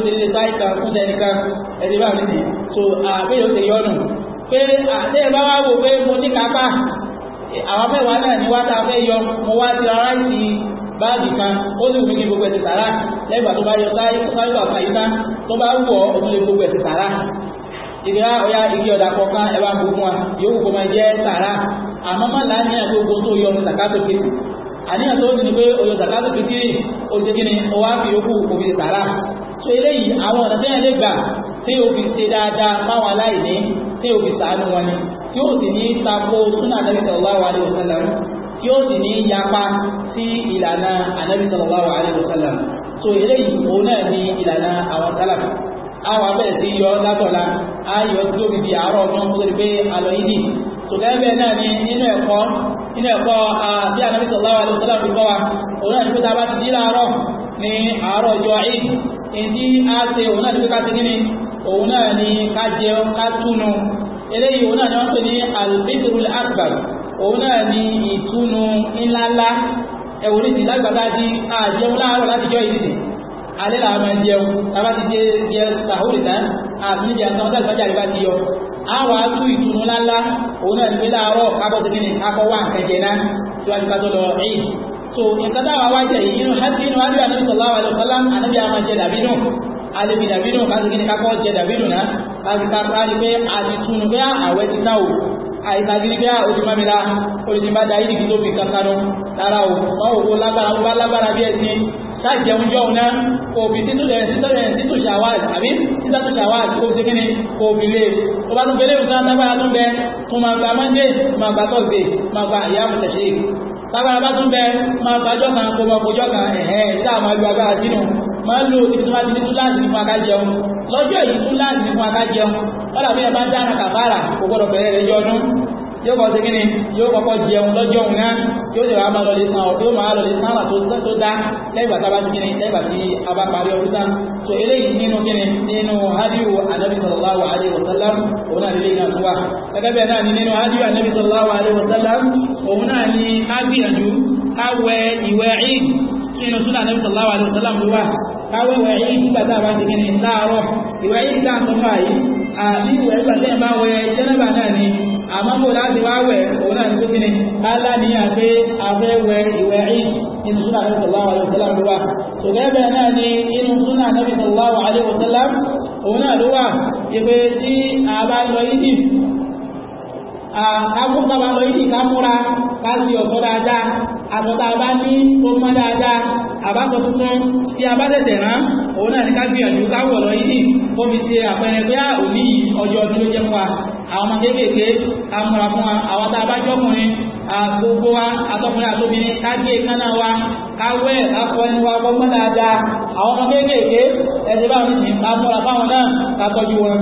ṣedédé sáì kan fún tẹnìkan ẹ̀dẹ̀ bá so àbẹ́yẹ̀ ó ṣe yọ̀nù pé àtẹ́yẹ̀ bá wà wò pé mo ní kápá àwọn mẹ́wàá náà ni wá tá a fẹ́ yọ mo wá ti ara ìsì báàgì kan ó sì wù mí kí gbogbo ẹ̀sìn sàrà lẹ́gbàá tó bá yọ sáyọ̀ àfàyíká tó bá wù ọ́ ó tún lè gbogbo ẹ̀sìn sàrà ìdíra ọ̀yá igi ọ̀dà kọ̀ọ̀kan ẹ̀wà gbogbo wa yòówù kọ́ máa jẹ́ sàrà àmọ́ má láàánú àgbogbo tó yọ ọmọ sàkátò kìtì àníyàn tó ní pé oyọ sàkátò kìtì òṣèkìní ọwá fi yòókù òfin sàrà so eléyìí àwọn ọ̀nà tẹ́yìn lè gbà tí òfin ṣe dáadáa fáwọn aláìní tí ó fi sàánú wọn ni tí ó sì ní tako súnà Ànábì sallallahu alaihi wasallam tí ó sì ní yapa sí ìlànà Ànábì sallallahu alaihi wasallam so eléyìí òun náà ní ìlànà àwọn sálàfù àwọn abẹ́rẹ́ sí yọ látọ̀la ayọ̀ tí ó fi di àárọ̀ ọdún tó ti pé alọ́ yìí so gẹ́gẹ́ bẹ́ẹ̀ náà ni nínú ẹ̀kọ́ nínú ẹ̀kọ́ bí Ànábì sallallahu alaihi wasallam fi kọ́ wa òun náà ní pé tá a bá ti dí láàárọ̀ ní àárọ̀ ọjọ́ Eid èyí òun náà ni ká jẹun ká túnu eléyìí òun náà ni wọ́n pè ní albitrul akbar òun náà ni ìtúnu ńláńlá ẹ̀wọ̀n ní ti lágbàdá di àjẹun láàárọ̀ láti jọ ìdíje alẹ́ làwọn máa ń jẹun tàbá ti jẹ jẹ sàhóòrì tán àti níbi àtàwọn tàbí ìbájà ìbá ti yọ àwọn atú ìtùnú ńláńlá òun náà ti fi láàárọ̀ kábọ̀ sí kíni kákọ́ wà nǹkan jẹ náà síwájú ká tó lọ rí so nǹkan táwa wá jẹ yìí nínú hàtí nínú adúlá níbi sọlá wà sọlá ànábì àwọn jẹ dàbí nù alẹ́bi dàbínú káàkiri kí ni kákọ́ jẹ dàbínú náà káàkiri káàkiri pé àtìtúnu pé ah, àwẹ̀ ti náà àìsàgírí bí àwọn òṣìmọ́mìlá olùsìnbá da ìdíkì tó fi kankanú lára òwò lágbára ó bá lágbára bí ẹ̀sìn sáàjẹun jọ náà òbí títúlẹ̀ títúlẹ̀ títú ṣàwáàd àbí títàtú ṣàwáàd kó ti kíni òbí lè e. tó bá tún fẹ́lẹ́ òkúta e, lágbára tún bẹ tún máa gba mọ́ndé máa gba tọ́sídẹ̀ máa gba ìyá mùtẹ̀ṣe lágbára bá tún bẹ máa gba jọ́kan kó máa kó jọ́kan ẹ̀ẹ́ tá a máa lu agbára sínú máa lò ibi tó bá ti ní túláàsì nípa ká jẹun lọ́jọ́ yìí túláàsì nípa ká jẹun kọ́dà bí ẹ bá dáná kàbára kò gbọ́dọ̀ bẹ̀rẹ̀ rẹ̀ jọ ọdún yóò kọ́ sí kíni yóò kọ́kọ́ jẹun lọ́jọ́ òun náà yóò sì wá máa lọ lè san ọ̀dọ́ máa lọ lè san àlà tó dá lẹ́gbàá tá a bá ti kíni lẹ́gbàá tí a bá parí ọdún tán so eléyìí nínú kíni nínú hadiyu anabi sallallahu alayhi wa sallam òun náà lè náà wà gẹ́gẹ́ bẹ́ẹ̀ náà ni nínú hadiyu anabi sallallahu alayhi wa sallam òun náà ni á gbìyànjú á wẹ ìwẹ̀ ìd nínú sunnah anabi sallallahu alayhi wa sallam ló wà káwẹ́wẹ̀ yìí nígbà tá a bá ti kí ni láàárọ̀ ìwẹ̀ yìí tá a tún fà yìí àbí ìwẹ̀ nígbà tí ẹ̀ bá wẹ̀ jẹ́nẹ́bà náà ni àmọ́ mo láti wá wẹ̀ òun náà ní kí ni kálá ní àgbé abẹ́ wẹ̀ ìwẹ̀ yìí inú súnà nàbì sallallahu alaihi wasallam àtọ̀tà bá ní ó dáadáa àbátọ̀ tuntun tí a bá tẹ̀tẹ̀ rán òun náà ní ká gbìyànjú káwọ̀ lọ yìí ó fi ṣe àpẹẹrẹ pé òní ọjọ́ ọdún ló jẹ́ fún wa àwọn ọmọ kéékèèké ká múra fún wa àwọn tá a bá jọ́kùnrin gbogbo wa atọ́kùnrin àtòmìnrin ká gé wa ká wẹ̀ ká fọ ẹni wa gbọ́ mọ́ dáadáa àwọn ọmọ kéékèèké ẹ̀sìn báwọn ní ká múra fáwọn náà ká wọn àwọn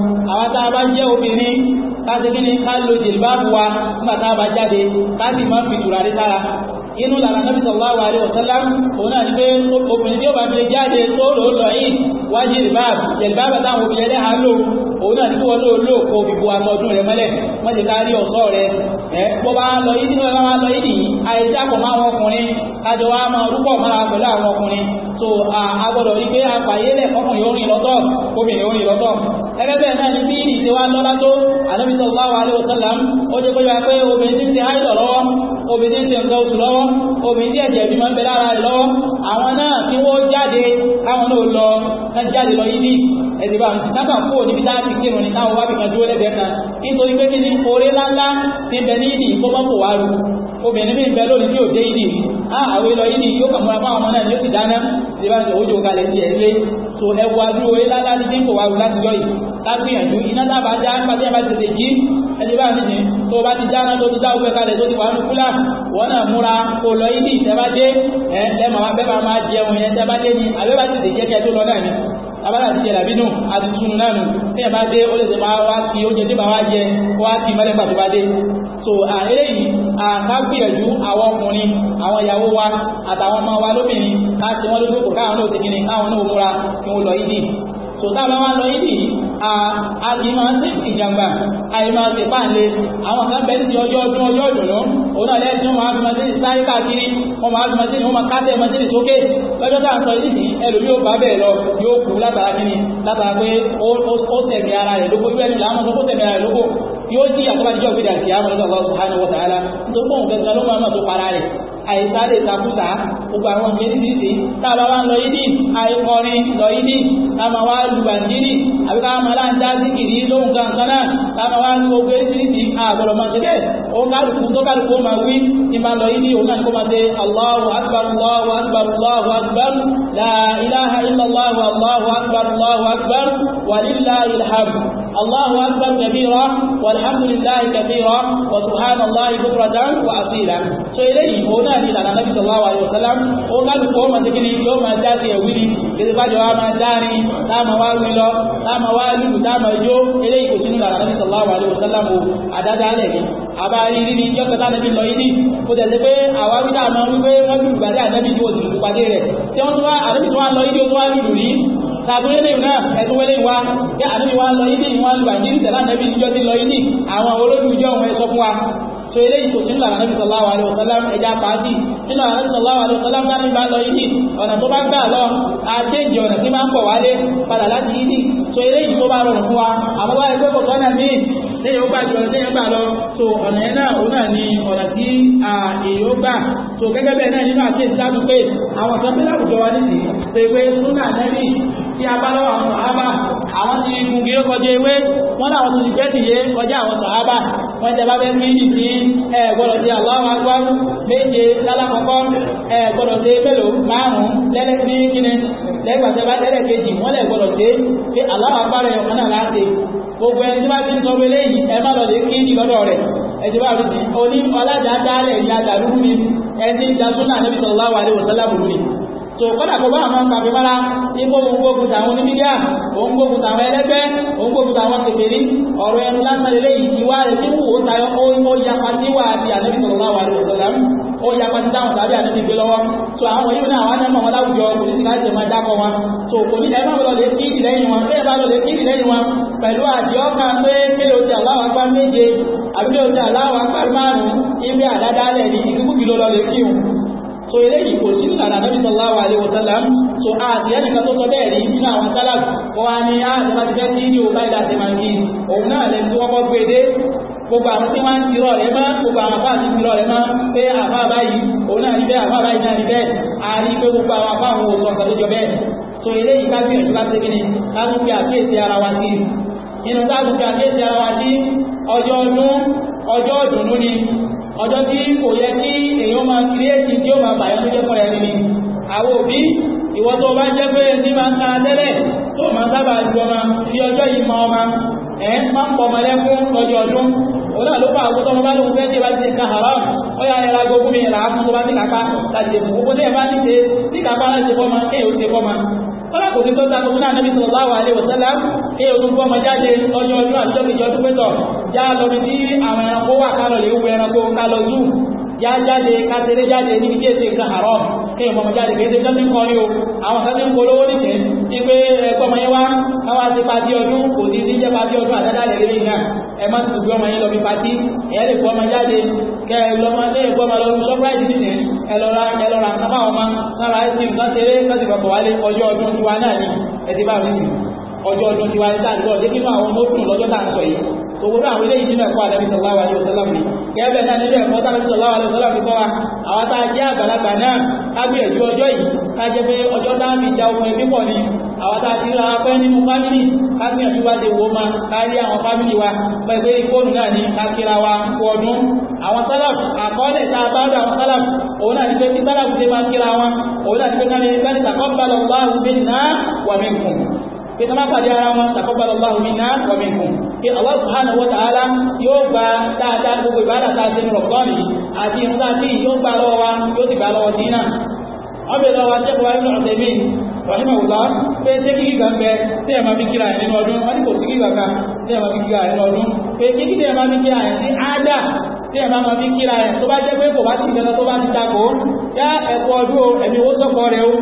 tá a bá jẹ́ obìnrin ká kí ni ká lo jìlbáàbù wa nígbà tá a bá jáde ká sì má fi tùràrí sára inú lára Nabi sallallahu alaihi wasallam òun náà ti pé obìnrin tí ó bá fi jáde tó lò lọ yìí wájú ìbáàb jẹ̀lìbáàbà táwọn obìnrin ẹlẹ́ha lò òun náà ti kó lò lò kó fi bu aṣọ ọdún rẹ mọ́lẹ̀ wọ́n ti ká rí ọ̀ṣọ́ rẹ ẹ̀ bó bá lọ yìí nínú ẹ̀rọ máa lọ yìí gẹ́gẹ́ bẹ́ẹ̀ náà ni bí ìrì ti wá lọ́lá tó Ànábì sallallahu alaihi wasallam ó jẹ́ kóyọ pé obìnrin ti ń ṣe àìsàn lọ́wọ́ obìnrin ti ń ṣe nǹkan oṣù lọ́wọ́ obìnrin tí ẹ̀jẹ̀ bí máa ń bẹ lára rẹ̀ lọ́wọ́ àwọn náà tí wọ́n jáde káwọn náà lọ náà jáde lọ yídì ẹ̀sìn bá ti sábà kó níbi tá a ti kírun ní táwọn wábì kan dúró lẹ́gbẹ̀ẹ́ kan nítorí pé kí ni oore ńláńlá ti bẹ ní ìdì tó mọ́kò wá ru obìnrin mi ń bẹ lónìí tí ò dé ìdì àwọn èlò ìdì yóò kàn múra fáwọn ọmọ náà ni ó sì dáná ṣe bá ń sọ òjò kalẹ̀ ní ẹ̀lẹ́ so ẹwọ adúró ilá láti dínkù wà rú láti yọyì lágbìyànjú iná lábà dá pàtẹ́ bá ti lè jí ẹni bá nìyí tó bá ti dáná tó ti dá òfẹ́ kalẹ̀ tó ti wà ní kúlà wọ́n náà múra kó lọ ibi ìtẹ́bájé ẹ̀ lẹ́màá máa jẹun yẹn tẹ́bájé ni àbẹ́bá ti lè jẹ́ kẹ́ tó lọ náà ni abala ti yẹlẹ binu àti tunu nánu ní ẹ bá dé ó lè ṣe máa wá sí oúnjẹ tí bá wá jẹ wá sí mẹlẹgbà tó bá dé so eléyìí àkágbìyànjú àwọn ọkùnrin àwọn ìyàwó wa àtàwọn ọmọ wa lóbìnrin ká ti wọ́n lójú kò káwọn náà ti kíni káwọn náà múra kí wọ́n lọ ìdí tó táwọn wá lọ ìdí a ìjàmbá a yìí àwọn kan ti ọjọ́ ọdún ọjọ́ ìdùnnú òun tí wọ́n máa fi máa sáré káàkiri wọ́n máa fi máa tẹ̀sí wọ́n máa kásẹ̀ máa tẹ̀sí sókè lọ́jọ́ tá à ń sọ ìdí ẹlòmí ò bá bẹ̀rẹ̀ lọ yóò kú látara kíni látara pé ó tẹ̀mí ara rẹ̀ lóko ibẹ̀ ni làwọn sọ tẹ̀mí ara rẹ̀ lóko yóò jí àkọ́bàjọ́ òfin àìsáré ìtakùtà gbogbo àwọn ìgbésí títì tá a bá wá ń lọ yídì àìkọrin lọ yídì ká máa wá lu bàndírì àbí ká máa láǹdá síkìrì lóhùn kankan náà ká máa wá lu gbogbo eréṣiríṣi àgbọ̀dọ̀ máa ṣe bẹ́ẹ̀ òun kálukú tó kálukú máa wí ní máa lọ ilé òun náà kó máa ṣe Allahu akbar Allahu akbar Allahu akbar la ilaha illallah Allahu akbar Allahu akbar walillahil hamd الله أكبر كبيرا والحمد لله كثيرا وسبحان الله بكرة وأصيلا. سيدي هنا إلى النبي صلى الله عليه وسلم وقال قوم تكني يوم أتاتي kí ló bá jọ wá máa dárin táàmà wá rí lọ táàmà wá lù táàmà jó eléyìí kò sínú làrá ní sallallahu alaihi ni àbá rí rí ní jọ́kẹ́ tánàbí lọ yìí kò tẹ̀lé pé àwa wí táàmà wípé wọ́n lù gbàdé ànábì tó òsì lù pàdé rẹ̀ tí wọ́n tún wá ànábì tó wá lọ yìí tó wá lù rí tàbí lẹ́yìn náà ẹ̀tún bí ànábì wa lọ yìí wọ́n lù tẹ̀lá ànábì níjọ́ ti lọ yìí àwọn olóòlù ìjọ òun ẹ fún wa tó eléyìí kò sínú làwọn ànábì sallallahu alaihi wasallam ẹja pàásì nínú àwọn ànábì sallallahu alaihi wasallam láti bá lọ yìí ọ̀nà tó bá gbà lọ àtẹ́jì ọ̀nà tí máa ń pọ̀ wálé padà láti yìí tó eléyìí tó bá rọrùn fún wa àmọ́ ẹgbẹ́ kọ̀ọ̀kan náà míì tí a bá lọ́wọ́ àwọn sàhábà àwọn ti gungi ó kọjá ewé wọ́n láwọn ti jẹ́ tìyé kọjá àwọn sàhábà wọ́n tẹ bá fẹ́ méjì sí ẹ gbọ́dọ̀ sí Allahu Akbar méje lálákọ̀ọ́kọ́ ẹ gbọ́dọ̀ sí mélòó márùn-ún lẹ́lẹ́sí kíni lẹ́gbàtà bá lẹ́lẹ́kejì wọ́n lẹ̀ gbọ́dọ̀ sí pé Allahu Akbar ọ̀kan náà láti gbogbo ẹni tí bá ti ń sọ pé lẹ́yìn ẹ má lọ lè kí ní lọ́dọ̀ rẹ̀ ẹ̀jẹ̀ bá rí sí oní ọlájà dálẹ̀ ìyá dàrú mi ẹni tí ìjà súnà Nabi sallallahu alaihi wasallam tò kọ́dà kó bá àwọn ọmọ àfẹ́ mara ipò òun gbógun tàwọn onímídíà òun gbógun tàwọn ẹlẹ́gbẹ́ òun gbógun tàwọn kékeré ọ̀rọ̀ ẹnu lásán lélẹ́yìí ìwà rẹ̀ tí wò ó tayọ ó yapa tí wà á di ànábì sọ̀rọ̀ láwà rẹ̀ ọ̀sọ̀lá ó yapa tí táwọn tàbí ànábì gbé lọ́wọ́ tó àwọn yìí náà wọn náà wọn láwùjọ kò ní láti máa dákọ̀ wọn tó kò ní ẹ má lọ lè kí ìdílẹ́yìn so eléyìí kò sí ìlànà Ànábì sallallahu alaihi wasallam so àti ẹnìkan tó sọ bẹ́ẹ̀ rí nínú àwọn sálà wọn wá ní àtẹmá ah, ti fẹ́ sí ní o báyìí láti máa ń kí òun náà lẹ́nu tó kọ́kọ́ gbé dé gbogbo àwọn tí wọ́n ń tirọ̀ rẹ̀ máa gbogbo àwọn afá àti tirọ̀ rẹ̀ máa pé àfá báyìí òun náà ní bẹ́ẹ̀ àfá báyìí náà ní bẹ́ẹ̀ a rí pé gbogbo àwọn afá ọjọ́ tí kò yẹ kí èèyàn máa kírẹ́ẹ̀tì tí ó máa bàyọ́ tó jẹ́ fún ẹni ni àwọn òbí ìwọ tó bá jẹ́ pé ẹni máa ń ta tẹ́lẹ̀ tó máa sábà ju ọmọ fi ọjọ́ yìí mọ ọmọ ẹ̀ ń máa ń pọ̀ ọmọ lẹ́kún lọ́jọ́ ọdún òun ló fà àwọn tọmọ lóun fẹ́ tí ẹ ti ka haram ó yà ẹra mi ìlà fún tó bá ti kápá láti ṣe gbogbo tó ta gbogbo náà níbi ò tún fọ́mọ jáde ọjọ́ ọdún àti ọjọ́ tó pẹ́tọ̀ já lọ bí àwọn ẹranko wà kálọ̀ lè wo ẹranko kálọ̀ zú já jáde kátẹ́lẹ́ jáde níbi tí èsì nǹkan àárọ̀ kí ìmọ̀ jáde kí èsì jọ́sí ń kọ́ ní o àwọn kan ti ń polówó nìkẹ́ ní pé ẹ̀kọ́ ọmọ yẹn wá káwá sí pàdé ọdún kò sí sí jẹ́ pàdé ọdún àdádá rẹ̀ lẹ́yìn náà ẹ má tún gbé ọmọ yẹn lọ bí pàdé ẹ̀ lè kó ọmọ jáde kẹ ẹ ni ẹ ti bá mi ọjọ́ ọdún tiwa ní gbogbo àwọn ilé ìdínà ẹ̀kọ́ àlẹ́bí sallallahu alaihi wasallam ni gẹ́gẹ́ náà nínú ẹ̀kọ́ tàbí sallallahu alaihi wasallam kọ́ wa àwọn tá a jẹ́ àgbàlagbà náà kábíyèjú ọjọ́ yìí ká jẹ́ pé ọjọ́ náà fi ja ohun ẹbí pọ̀ ni àwọn tá a ti ra pẹ́ nínú fámìlì kábíyèjú wa ti wo ma kárí àwọn fámìlì wa pẹ̀lú fóònù náà ni kákíra wa kú ọdún àwọn sálàfù àkọọ́lẹ̀ tá a bá rọ àwọn sálàfù òun náà ni pé kí sálàfù pàdé ara wọn taqabbala Allahu minna wa minkum kí Allah subhanahu wa ta'ala yóò gba dáadáa gbogbo ìbára tá a ti rọ̀ gọ́ọ̀nì àti irun tá a ti yóò gba lọ́wọ́ wa yóò ti gba lọ́wọ́ dín náà wọ́n bẹ̀rẹ̀ lọ́wọ́ jẹ́kọ̀ọ́ ibn Uthaymeen rahimahullah pé jẹ́kìrì kan bẹ tí ẹ̀ máa fi kíra ẹ̀ nínú ọdún wọ́n ní kò sí kíra kan tí ẹ̀ máa fi kíra ẹ̀ nínú ọdún pé jẹ́kìrì ẹ̀ máa fi kíra ẹ̀ sí áádà tí ẹ̀ máa máa fi kíra ẹ̀ tó bá jẹ́ pé kò bá ti ìjọba tó bá ti takò yá ẹ̀kọ́ ọdún o ẹ̀mí owó sọ́kọ rẹ̀ o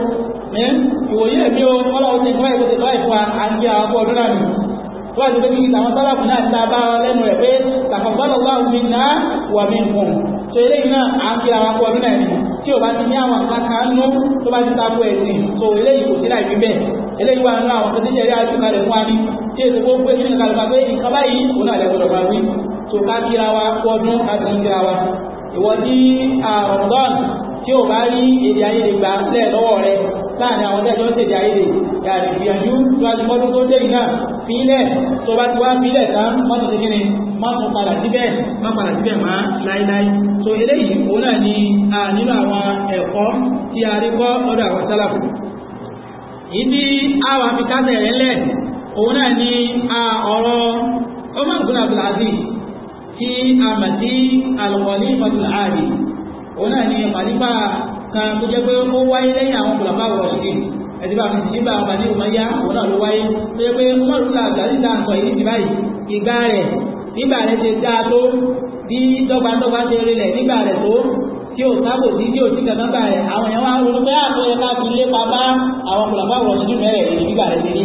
ìwòye ẹ̀mí o ọlọ́run ti fọ́ ẹ̀kọ́ ti tọ́ ẹ̀kọ́ àti wọ́n ti débi ìtàwọn sálàkùn náà ta bá lẹ́nu rẹ̀ pé tàkọ̀bọ́lọ̀ wà mí náà wà mí nǹkan tó ilé iná àfi àwọn akọ ọdún náà tí o bá ti ní àwọn kankan nú tó bá ti tako ẹ̀sìn tó ilé ìkò sí láì fi bẹ́ẹ̀ ilé ìwà nú àwọn tẹ́tí jẹ́rí àtúkalẹ̀ fún wa ní tí èsì kó gbé nínú kalùkà pé nǹkan báyìí òun náà lẹ́gbọ̀dọ̀ bá wí tó ká kíra wa kú ọdún láti ní kíra wa o bá rí èdè ayélujára lẹ́ẹ̀ lọ́wọ́ rẹ̀ láàrin àwọn tẹ́jọ́ ń tèdè ayéde yàrá ìgbìyànjú tó a ti mọ́dún tó dé iná fílẹ̀ tó bá ti wá fílẹ̀ tán mọ́tò ti kíni mọ́tò padà síbẹ̀ má padà síbẹ̀ má láíláí so eléyìí òun náà ni a nínú àwọn ẹ̀kọ́ tí a rí kọ́ ọ̀dọ̀ àwọn sálàfù ìdí àwọn afikásẹ̀ rẹ̀ lẹ̀ òun náà ni ọ̀rọ̀ Umar ibn Abdul Aziz tí a mọ̀ sí al-Khalifatul Adil òun náà ni màlífà kan tó jẹ́ pé ó wáyé lẹ́yìn àwọn kòlàbá wọ̀ sí ẹ̀dínbà mi nígbà àwọn bàdé ìwọ̀n yá òun náà ló wáyé tó jẹ́ pé mọ́ọ̀lù làbàdí là ń sọ yìí ti báyìí ìgbà rẹ̀ nígbà rẹ̀ ti dáa tó bí dọ́gbandọ́gba ti rinlẹ̀ nígbà rẹ̀ tó tí o sábò sí tí o ti kankan gbà rẹ̀ àwọn èèyàn wá ronú pé àpò ah, ẹ̀ka fi lé papá àwọn kòlàbá wọ̀ sí nínú rẹ̀ ti rí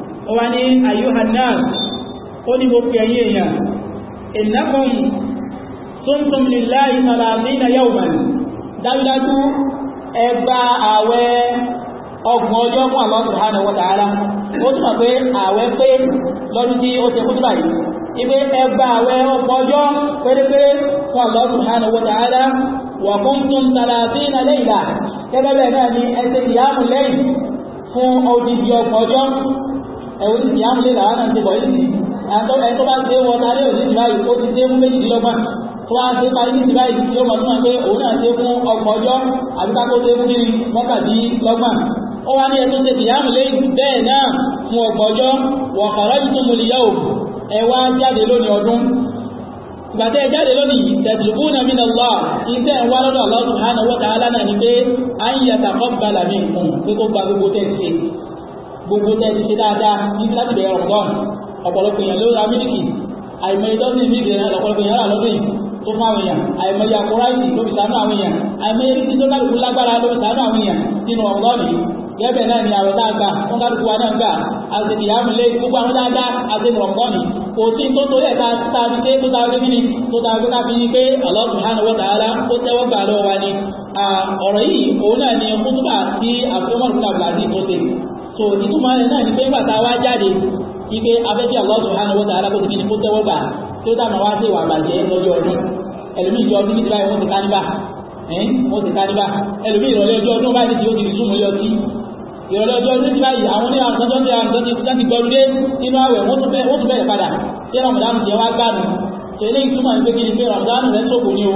ó wá ní ayyuhannas ó ní gbogbo ẹ̀yí èèyàn innakum sumtum lillahi salasina yawman dájúdájú ẹgbà àwẹ̀ ọgbọ̀n ọjọ́ fún Allah subhanahu wa ta'ala ó túnmọ̀ pé àwẹ̀ pé lọ́dún tí ó ṣe kútùbà yìí ibi ẹgbà àwẹ̀ ọgbọ̀n ọjọ́ pérépéré fún Allah subhanahu wa ta'ala wa kuntum salasina layla gẹ́gẹ́ bẹ́ẹ̀ náà ni ẹsẹ̀ ìyá fún odidi ọgbọ̀n ọjọ́ ẹ̀wọ̀n ti yàn lè làwọn àti bọ̀ yìí ẹ̀tọ́ ẹ̀tọ́ bá dé wọn alẹ́ òní ti báyìí ó ti dé fún méjìdínlọ́gbọ̀n tó wá dé parí ní ti báyìí yóò mọ̀ tún pé òun náà dé fún ọgbọ̀n ọjọ́ àbí ká tó dé fún kiri mọ́kàdínlọ́gbọ̀n ó wá ní ẹ̀tọ́ ṣe ti yàn lè bẹ́ẹ̀ náà fún ọgbọ̀n ọjọ́ wọ̀kọ̀rọ̀ yìí tó mu lè yá o ẹ wá jáde lónìí ọdún gbàtẹ́ jáde lónìí tẹ̀tùkú na mí lọ́wọ́ iṣẹ́ ìwà lọ́dọ̀ Allah subhanahu wa ta'ala náà ni pé an yataqabbala minkum pé kó gba gbogbo gbogbo tẹ́ ti ṣe dáadáa ní láti bẹ̀rẹ̀ ọ̀gbọ́n ọ̀pọ̀lọpọ̀ èèyàn ló ra mílíkì àìmọ̀ ìdọ́sìn mílíkì náà ọ̀pọ̀lọpọ̀ èèyàn rà lọ́dún tó fún àwọn èèyàn àìmọ̀ ìyá kúráìsì ló fi sànú àwọn èèyàn àìmọ̀ ìrísí tó kálukú lágbára ló fi sànú àwọn èèyàn nínú ọ̀gbọ́n yìí gẹ́gẹ́ náà ni àwẹ̀ náà gbà wọ́n kálukú wa náà gbà àti ìyáàmúlé gbogbo àwọn dáadáa àti ìrọ̀gbọ́n yìí kò sí tó torí ẹ̀ta ta ni pé tó ta gbé kíni tó ta gbé káfí ni pé Allah subhanahu wa ta'ala ó tẹ́wọ́ gbà lọ́wọ́ wa ni ọ̀rọ̀ yìí òun náà ni kútùbà tí àbúrò so ìtumọ̀ rẹ̀ náà ni pé nígbà tá a wá jáde ike abẹ́bí Allah subhanahu wa ta'ala alákòóso kìíní kó tẹ́wọ́ gbà tí ó dáná wá sí ìwà àgbàjẹ́ lọ́jọ́ ọdún ẹlòmíì jọ ọdún nígbà wọn ti ká níbà wọn ti ká níbà ẹlòmíì ìrọ̀lẹ́ ọjọ́ ọdún báyìí ti ó ti sún mọ́lẹ́ ọtí ìrọ̀lẹ́ ọjọ́ ọdún ti báyìí àwọn oníyàwó tọ́jọ́ ti àwọn tọ́jọ́ ti gbọ́dúdé nínú àwẹ̀ wọ́n tún bẹ̀rẹ̀ padà tí Ramadan jẹ́ wá gbádùn eléyìí túmọ̀ ní pé kí ni pé Ramadan rẹ̀ sókò ní o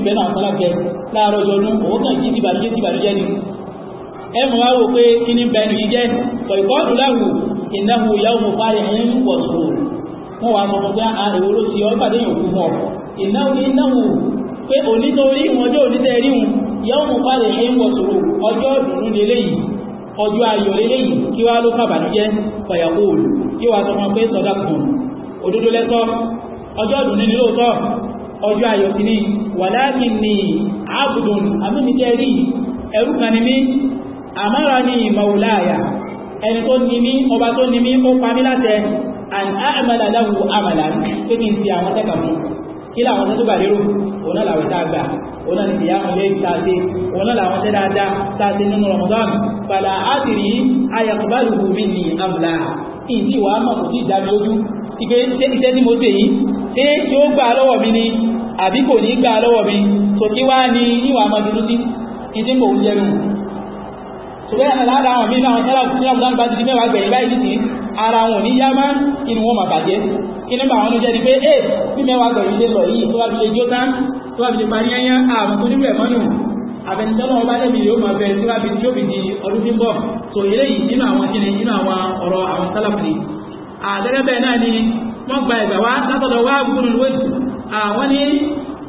ibẹ̀ náà sọ́lá jẹ láàárọ̀ ọjọ́dún òun kàn jí ìbàlújẹ́ ìbàlújẹ́ ni ẹ mọ̀ wá wò pé kí ní bẹnu yìí jẹ́ tọ̀ ìkọ́dù láwù ìnáwó ìyàwó mo parí ẹ̀yìn wọ̀ tó wọn wà mọ̀ pé àrèwò ah, ló ti ọgbà déyìn òkú mọ̀ ìnáwó ìnáwó pé onítorí wọn jẹ́ onítẹ̀ rí wọn ìyàwó mo parí ọjọ́ ìdùnnú lélẹ́yìí ọjọ́ ọjọ́ ayọ̀ sí ní wàláàkì ní àbùdùn àmúnijẹ́rí ẹrú kan ní mí àmára ní maulaya ẹni tó ní mí ọba tó ní mí ó pa mí látẹ àmàlà láwù àmàlà tó ní ti àwọn tẹ́kà mú kí láwọn tó bà lérò òun náà ìdí wàá mọ̀ kò sí ìdájọ́ ìgbé iṣẹ́ tí mo tè yìí ṣé tí ó gbà lọ́wọ́ mi ni àbí kò ní gbà lọ́wọ́ mi tó kí wá ní níwà àmọ́dúnú sí ìdí mò ń jẹun ṣùgbọ́n aláàrá àwọn mí náà tẹ́lá ní àbúdánù bá ti di mẹ́wàá gbẹ̀yìn báyìí nìsín ara wọn ní yá máa inú wọn mà bàjẹ́ kí ní bá wọn jẹ́ ni pé ẹ́ bí mẹ́wàá gbẹ̀yìn lè lọ yìí tó wá fi lè jó tán tó wá fi lè parí ọba lẹ́bi yóò máa bẹ tí ó fi di ọdún tí ń bọ̀ tó eléyìí nínú àwọn kíni nínú àwọn ọ̀rọ̀ àwọn sálàfù àgẹ́gẹ́bẹ̀ náà ni wọ́n gba ẹ̀gbà wá látọ̀dọ̀ wá gúnun wíìdì àwọn ni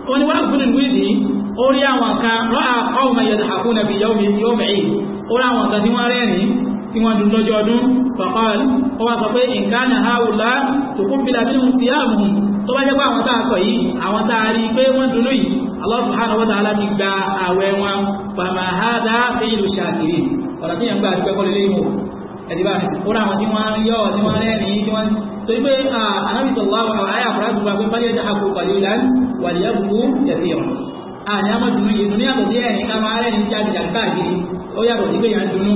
wọ́n ni wá gúnun wíìdì ó rí àwọn kan rọ́ àwọn ẹ̀yẹ̀dà àkúnnà bí yóò mẹ́yìn ó rí àwọn kan tí wọ́n rẹ́rìn tí wọ́n dùn lọ́jọ́ ọdún fọ̀kọ́l ó wá sọ pé nǹkan náà haúlá tòkún bí láti ń fi ààbùn tó bá jẹ́ pé àwọn táà sọ yìí àwọn táà rí pé wọ́n dùn lóyìí Allah subhanahu wa ta'ala ti gba àwẹ̀ wọn pàmà hádà fi ìlú ṣàkiri ọ̀rọ̀ tí yẹn gbà àti pẹ́kọ́ lélẹ́yìn wọn ẹ̀dìbà òun àwọn tí wọ́n yọ́ tí wọ́n rẹ́rìn tí wọ́n tó ipé ànábìtọ̀lá àyà fúrájú wa pé báyẹ̀ dáàkó pàdé ìlànà wàlẹ̀ ẹ̀kú tẹ̀sí ọ̀ àní amọ̀dùnú yìí ní àbọ̀ sí ẹ̀rin ká máa rẹ́rìn jáde àkáàkiri ó yàtọ̀ sí pé yàn dunú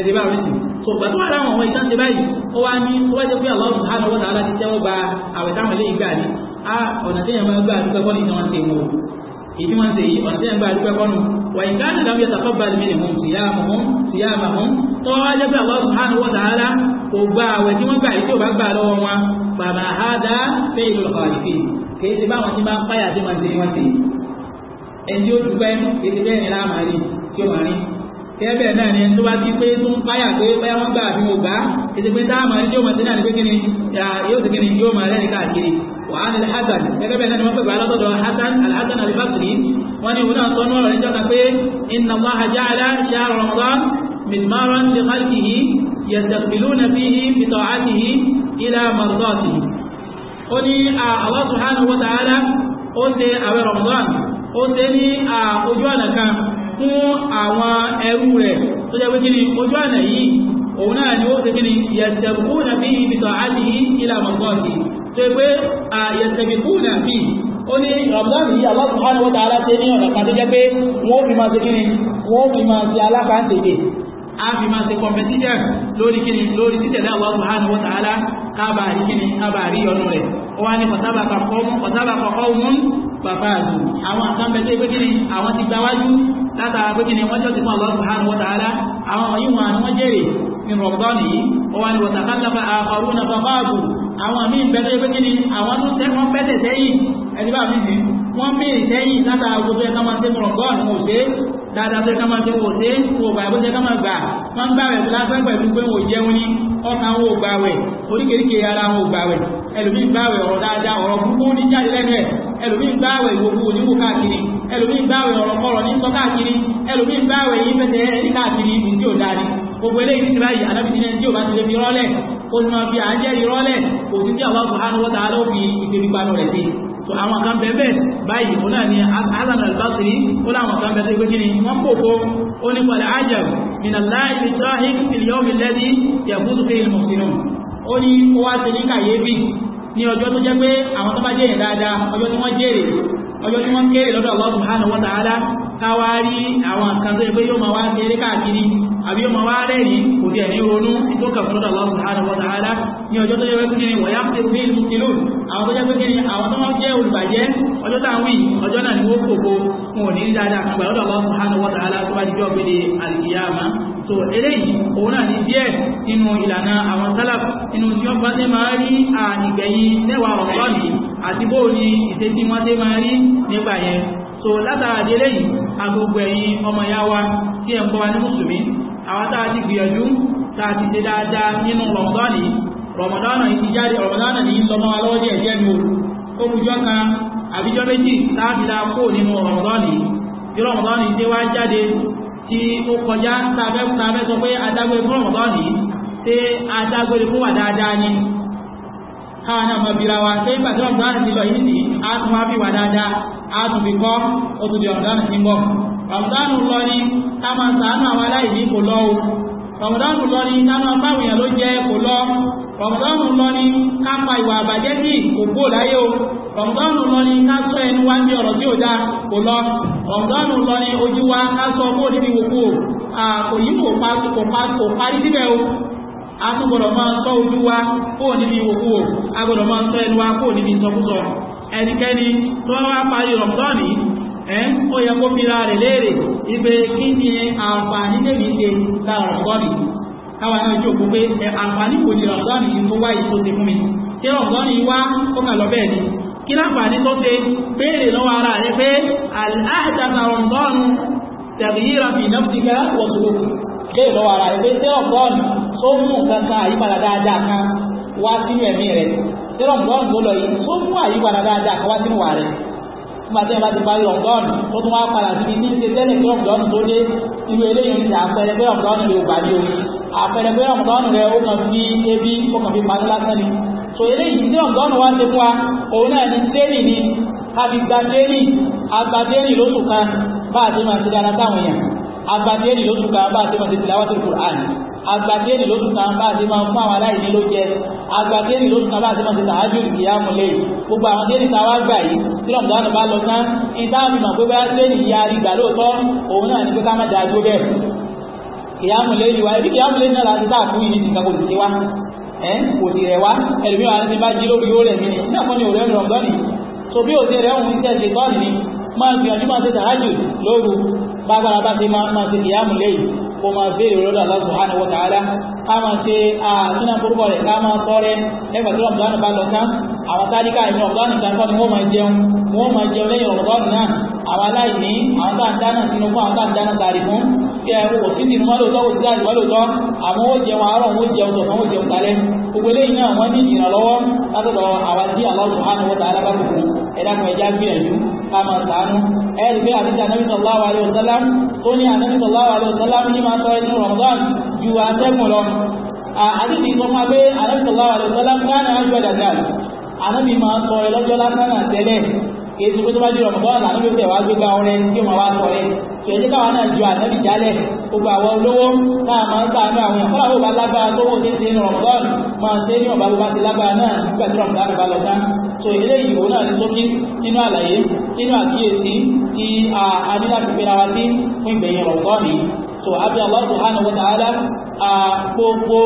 ẹ̀dìbà rẹ̀ sì tó pàtó wà láwọn ọmọ ìtàn ti báyìí ó wá ní ó wá jẹ́ pé Allah subhanahu wa ta'ala ti tẹ́wọ́ gba àwẹ̀ táwọn ilé ni a ọ̀nà tí wọ́n ti yí ọ̀nà tí وإن كان لم يتقبل منهم صيامهم صيامهم طالب الله سبحانه وتعالى وبا وجمع بعيد وبا لهم فما هذا فعل الخالقين كيف ما وانت ما قيا دي من دي وانت ẹni ó dùgbẹ́ ètò bẹ́ẹ̀ ni láàmà rí tí ó máa rí kẹ́bẹ̀ náà ni ẹni tó bá ti pé tó ń páyà pé báyà wọ́n gbà àbí mo gbà ètò pé táàmà rí tí ó máa ti náà ní pé kí ni yóò ti kí ni yóò máa rẹ́ni káàkiri وعن الحسن gẹ́gẹ́ bẹ́ẹ̀ ni wọ́n pè bá látọ̀dọ̀ hasan alhassan albasri wọ́n ní òun náà sọ ní ọ̀rọ̀ níjọ́ kan pé inna Allaha ja'ala shahr ramadan mizmaran li khalqihi yastaqbiluna fihi bi ta'atihi ila mardatihi ó ní Allah subhanahu wa ta'ala ó ṣe àwẹ̀ ramadan ó ṣe ní ojú ọ̀nà kan fún àwọn ẹrú rẹ̀ tó jẹ́ pé ojú ọ̀nà yìí òun náà ni ó ṣe kí ni yastaqbiluna fihi bi ta'atihi ila mardatihi ṣe pé àyẹ̀sẹ̀bìkú náà fi ó ní Ramadan yìí Allah subhanahu wa ta'ala ṣe ní ọ̀nà kan tó jẹ́ pé wọ́n fi máa ṣe kí ni wọ́n fi máa ṣe alábàáṣẹ́gbè a fi máa ṣe competition lórí kí ni lórí títẹ̀lé Allah subhanahu wa ta'ala kábà rí kí ni kábà rí ọ̀nà rẹ̀ ó wá ní pàtàbà kọ̀kọ́ mún bàbá àdù àwọn àkànbẹ̀tẹ̀ pé kí ni àwọn ti gbáwájú látara àwọn míì bẹ́tẹ̀ pé kí ni àwọn tó tẹ́ wọ́n bẹ́tẹ̀ sẹ́yìn ẹni bá mi sì wọ́n bèèrè sẹ́yìn látara gbogbo ẹ̀ka máa ń tẹ́kọ̀ọ́ gọ́ọ̀nù kò ṣe é dáadáa tó ẹ̀ka máa ń tẹ́kọ̀ọ́ ṣe é kò gbà bó ṣe ká máa gbà wọ́n ń gbàwẹ̀ lásán pẹ̀lú pé wọ́n jẹun ní ọkàn wọn ò gbàwẹ̀ oríkèéríkèé ara wọn ò gbàwẹ̀ ẹlòmíì gbàwẹ̀ ọ̀rọ̀ dáadáa ọ̀rọ̀ gbogbo ní jáde lẹ́nu ẹ̀ ẹlòmíì gbàwẹ̀ gbogbo oníwò káàkiri ẹlòmíì gbàwẹ̀ ọ̀rọ̀ kọ̀rọ̀ ní sọ káàkiri ẹlòmíì gbàwẹ̀ yìí fẹsẹ̀ ẹ̀rí káàkiri ìdí ò dáa ni gbogbo eléyìí ti báyìí alábìtì náà tí ò bá ti lè fi rọ́lẹ̀ ó ní wọn fi à ń jẹ́ ìrọ́lẹ̀ kò sí tí àwọn subhanahu wa ta'ala ó fi ìgbèrípa rẹ̀ sí so àwọn kan bẹ̀bẹ̀ báyìí ó náà ni Hasan al-Basri ó láwọn kan bẹ̀bẹ̀ pé kíni wọ́n pòpò ó ní pẹ̀lú ajab min Allahi ìtọ́hìn ìlú ìlẹ́dí yẹ̀kútù fi al-muslimun ó ní ó wá ti ní kàyébì ní ọjọ́ tó jẹ́ pé àbí ọmọ wá rẹ̀ yìí kò tí ẹ̀ní ronú tó kàfúnlọ́dọ̀ Allah subhanahu wa ta'ala ní ọjọ́ tó yẹ kí ni wọ̀yá ti rí ìlú ìlú àwọn tó jẹ́ kí ni àwọn tó wọ́n jẹ́ olùbàjẹ́ ọjọ́ táwìn ọjọ́ náà ni ó kòkó wọn ò ní dáadáa kan gbàlọ́dọ̀ Allah subhanahu wa ta'ala tó bá dijọ́ pé al-qiyama so eléyìí òun náà ní díẹ̀ nínú ìlànà àwọn sálàf nínú tí wọ́n bá ṣe máa rí àìgbẹ̀yìn mẹ́wàá ọ̀tọ́ọ̀nì àti bóò ni so látara délé yìí agbègbè ẹ̀yìn ọmọ ìyá wa àwọn tá a ti gbìyànjú tá a ti ṣe dáadáa nínú rọmọdánì rọmọdánì ti jáde rọmọdánì ní lọ́mọ alọ́wọ́ díẹ̀ díẹ̀ ní òru ó kùjọ́ kan àbíjọ́ méjì láti dáa kó nínú rọmọdánì tí rọmọdánì ti wá jáde tí ó kọjá tàbẹ́ sọ pé adágbé fún rọmọdánì tí adágbé fún wa ṣé ìgbà a tún wá bí wà dáadáa a rọ̀mùdánù lọ ní ká máa sàánú àwọn aláìní kò lọ o rọ̀mùdánù lọ ní ká máa báwọn èèyàn ló jẹ́ kò lọ rọ̀mùdánù lọ ní ká pa ìwà àbàjẹ́ sí kò kúrò láyé o rọ̀mùdánù lọ ní ká sọ ẹnu wá ní ọ̀rọ̀ tí ò dáa kò lọ rọ̀mùdánù lọ ní ojú wa ká sọ kó níbi wòkú o kò yí kò parí síbẹ̀ o a tún gbọ́dọ̀ máa sọ ojú wa kó níbi wòkú o a gbọ́dọ̀ máa sọ ẹnu wa kó níbi ìsọkúsọ ẹnikẹ́ni tó wá parí rọ̀mùdánù yìí ẹ̀ẹ́n ó yẹ kó fi láàrẹ̀ léèrè ibẹ̀ kí ni àǹfààní lèmi ṣe lára rọ̀gọ́nì káwa náà jò kó pé àǹfààní kò ní rọ̀gọ́nì yìí tó wá tó ti fún mi kí rọ̀gọ́nì wá ó kà lọ bẹ́ẹ̀ ni kí láǹfààní tó ṣe béèrè lọ́wọ́ ara rẹ pé àdáta rọ̀gọ́nù tẹ̀lé yíra fi ìnáfíkà wọ̀sùlù béèrè lọ́wọ́ ara rẹ pé ṣé rọ̀gọ́nù tó mú kankan àyípadà dáadáa kan wá sínú ẹ̀mí rẹ ṣé rọ̀gọ́nù tó lọ yìí tó mú àyípadà dáadáa kan wá sínú wà rẹ nígbàtí ẹ̀bá ti parí ọ̀gọ́ọ̀nù ó tún wá padà síbi tí ń ṣe tẹ́lẹ̀ pé ọ̀gọ́ọ̀nù tó dé irú eléyìí ń ṣe àpẹẹrẹ pé ọ̀gọ́ọ̀nù rẹ̀ ò gbà ní o àpẹẹrẹ pé ọ̀gọ́ọ̀nù rẹ̀ ó kàn fi ebi ó kàn fi parí lásán ni so eléyìí tí ọ̀gọ́ọ̀nù wá ṣe fún wa òun náà ni tẹ́lì ni àti gbàdéèlì agbàdéèlì lóṣù kan bá a ti máa ṣe dára táwọn èèyàn agbàdéèlì lóṣù kan bá a ti máa ṣe tìlàwọ́ tó kùrọ̀ bá a ti máa fún àwọn aláìní ló jẹ agbàdéèlì lóṣù bá a ti máa ṣe tàájú ìyá mọ́lẹ́yìn gbogbo àwọn déèlì tá a wá gbà yìí tí rọ̀mùdánù bá lọ tán ní táàmì mọ̀ pé bóyá déèlì ya ìgbà lóòótọ́ òun náà ní pé ká má dáa dúró bẹ́ẹ̀ kìyàmù lé ìwà ibi kìyàmù lé náà láti táàkú yìí ní ti nǹkan kò sì wá ẹ kò sì rẹ̀ wá ẹlòmíì wa ti bá jí lórí yóò rẹ̀ mí ni ní àkọ́ni òrẹ́ rọ̀mùdánì so bí òsè rẹ̀ òun tẹ̀ ṣe tọ́ọ̀nì ni máa gbìyànjú máa ṣe tàájù lóru bágbára bá ti máa ṣe kìyàmù yìí kó máa béèrè lọ́dọ̀ Allah subhanahu wa ta'ala ká máa ṣe àtúnà púpọ̀ rẹ̀ ká máa tọrẹ lẹ́gbà tó Ramadan bá lọ tán àwọn tálíkà ìmọ̀ Ramadan kan kọ́ ni wọ́n máa jẹun wọ́n máa jẹun lẹ́yìn Ramadan náà àwọn aláìní àwọn tá à ń dáná sínú fún àwọn tá à ń dáná sáré fún kẹwọ́ sí ti mọ́ lóòótọ́ òsì láti mọ́ lóòótọ́ àmọ́ ó jẹun àárọ̀ ó jẹun tọ̀sán ó jẹun tálẹ́ gbogbo eléyìí náà wọ́n ní ìrànlọ́wọ́ látọ̀dọ̀ àwa tí Allah subhanahu wa ta'ala bá kùkù ẹ̀dá kan ẹja gbìyànjú ká máa sàánú ẹ̀rí pé àti Ànábì sallallahu alaihi wasallam tó ní Ànábì sallallahu alaihi wasallam ní máa tọrẹ nínú Ramadan ju atẹ́gùn lọ àti ti sọ máa pé Ànábì sallallahu alaihi wasallam káàdà ájú ẹ̀dà náà Ànábì máa tọrẹ lọ́jọ́ lásán àtẹ́lẹ̀ kìí ṣe pé tó bá jù rọ̀mọ̀dọ́nà lànà bí ó tẹ̀ wá gbé gba ọrẹ tí ó máa wá sọ rẹ tó ẹjẹ́ káwọn náà ju ànábì jálẹ̀ gbogbo àwọn olówó náà máa ń sàánú àwọn èèyàn fọlá òbá lágbára tó wò ní ṣe ní rọ̀mọ̀dọ́nà máa ṣe ní ọ̀bá bá ti lágbára náà nígbà tí rọ̀mọ̀dọ́nà bá lọ tán so eléyìí òun náà ti sókí nínú àlàyé nínú àkíyèsí tí a ní fi ra sí fún ìgbẹ̀yìn rọ̀mọ̀dọ́nà yìí so abi Allah subhanahu wa ta'ala a gbogbo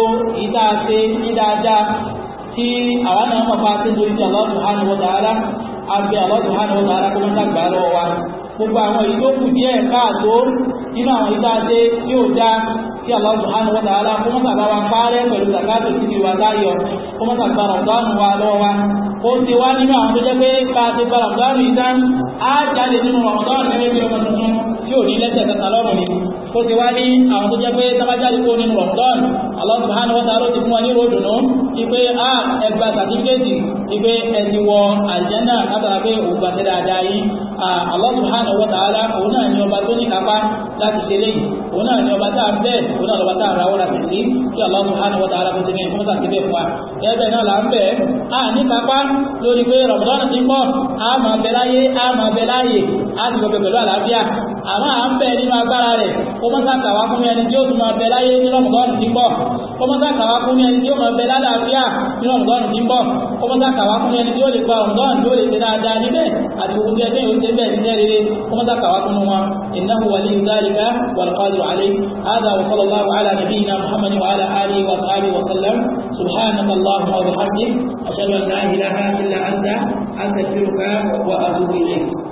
ìdáṣe ní dáadáa tí àwọn náà mọ̀ bá ti dorí ti Allah subhanahu wa ta'ala abẹ́ àlọ́dún hàn ó tààrà kó mọ́tà gbà lọ́wọ́ wa gbogbo àwọn èyí tó kù díẹ̀ káàtó nínú àwọn ìta ṣe tí ó dá kí àlọ́dún hàn ó tààrà kó mọ́tà bá wa parẹ́ pẹ̀lú zakato tí ti wà láyọ̀ kó mọ́tà gba rọ̀dánù wa lọ́wọ́ wa ó ti wá nínú àwọn tó jẹ́ pé ká ti gba rọ̀dánù yìí tán á jáde nínú rọ̀dánù gẹ́gẹ́ bí ọmọ tuntun tí ò ní lẹ́sẹ̀ Allah subhanahu wa ta'ala ti fún wa ní ròdùnú ipe a ẹgbà sàtífíkẹ́tì ipe ẹni wọ àlìjẹ́nà látara pé òun gbàtẹ́ dáadáa yìí Allah subhanahu wa ta'ala òun náà ni ọba tó ní kápá láti ṣe léyìí òun náà ni ọba tá a bẹ́ẹ̀ òun náà lọ́ba tá a ra ọ́ra sí sí kí Allah subhanahu wa ta'ala kó ti ní ẹ̀kọ́ sàtí bẹ́ẹ̀ fún wa ẹgbẹ́ náà ẹni tí ó kọmọ́sá kàwá fún ẹni tí ó máa bẹ lálàáfíà nínú ọ̀rọ̀dọ́rùn tí ń bọ̀ kọmọ́sá kàwá fún ẹni tí ó lè gba ọ̀rọ̀dọ́rùn tí ó lè ṣe dáadáa níbẹ̀ àti gbogbo ẹgbẹ́ yóò ṣe bẹ́ẹ̀ nílẹ̀ rere kọmọ́sá kàwá fún wọn إنه ولي ذلك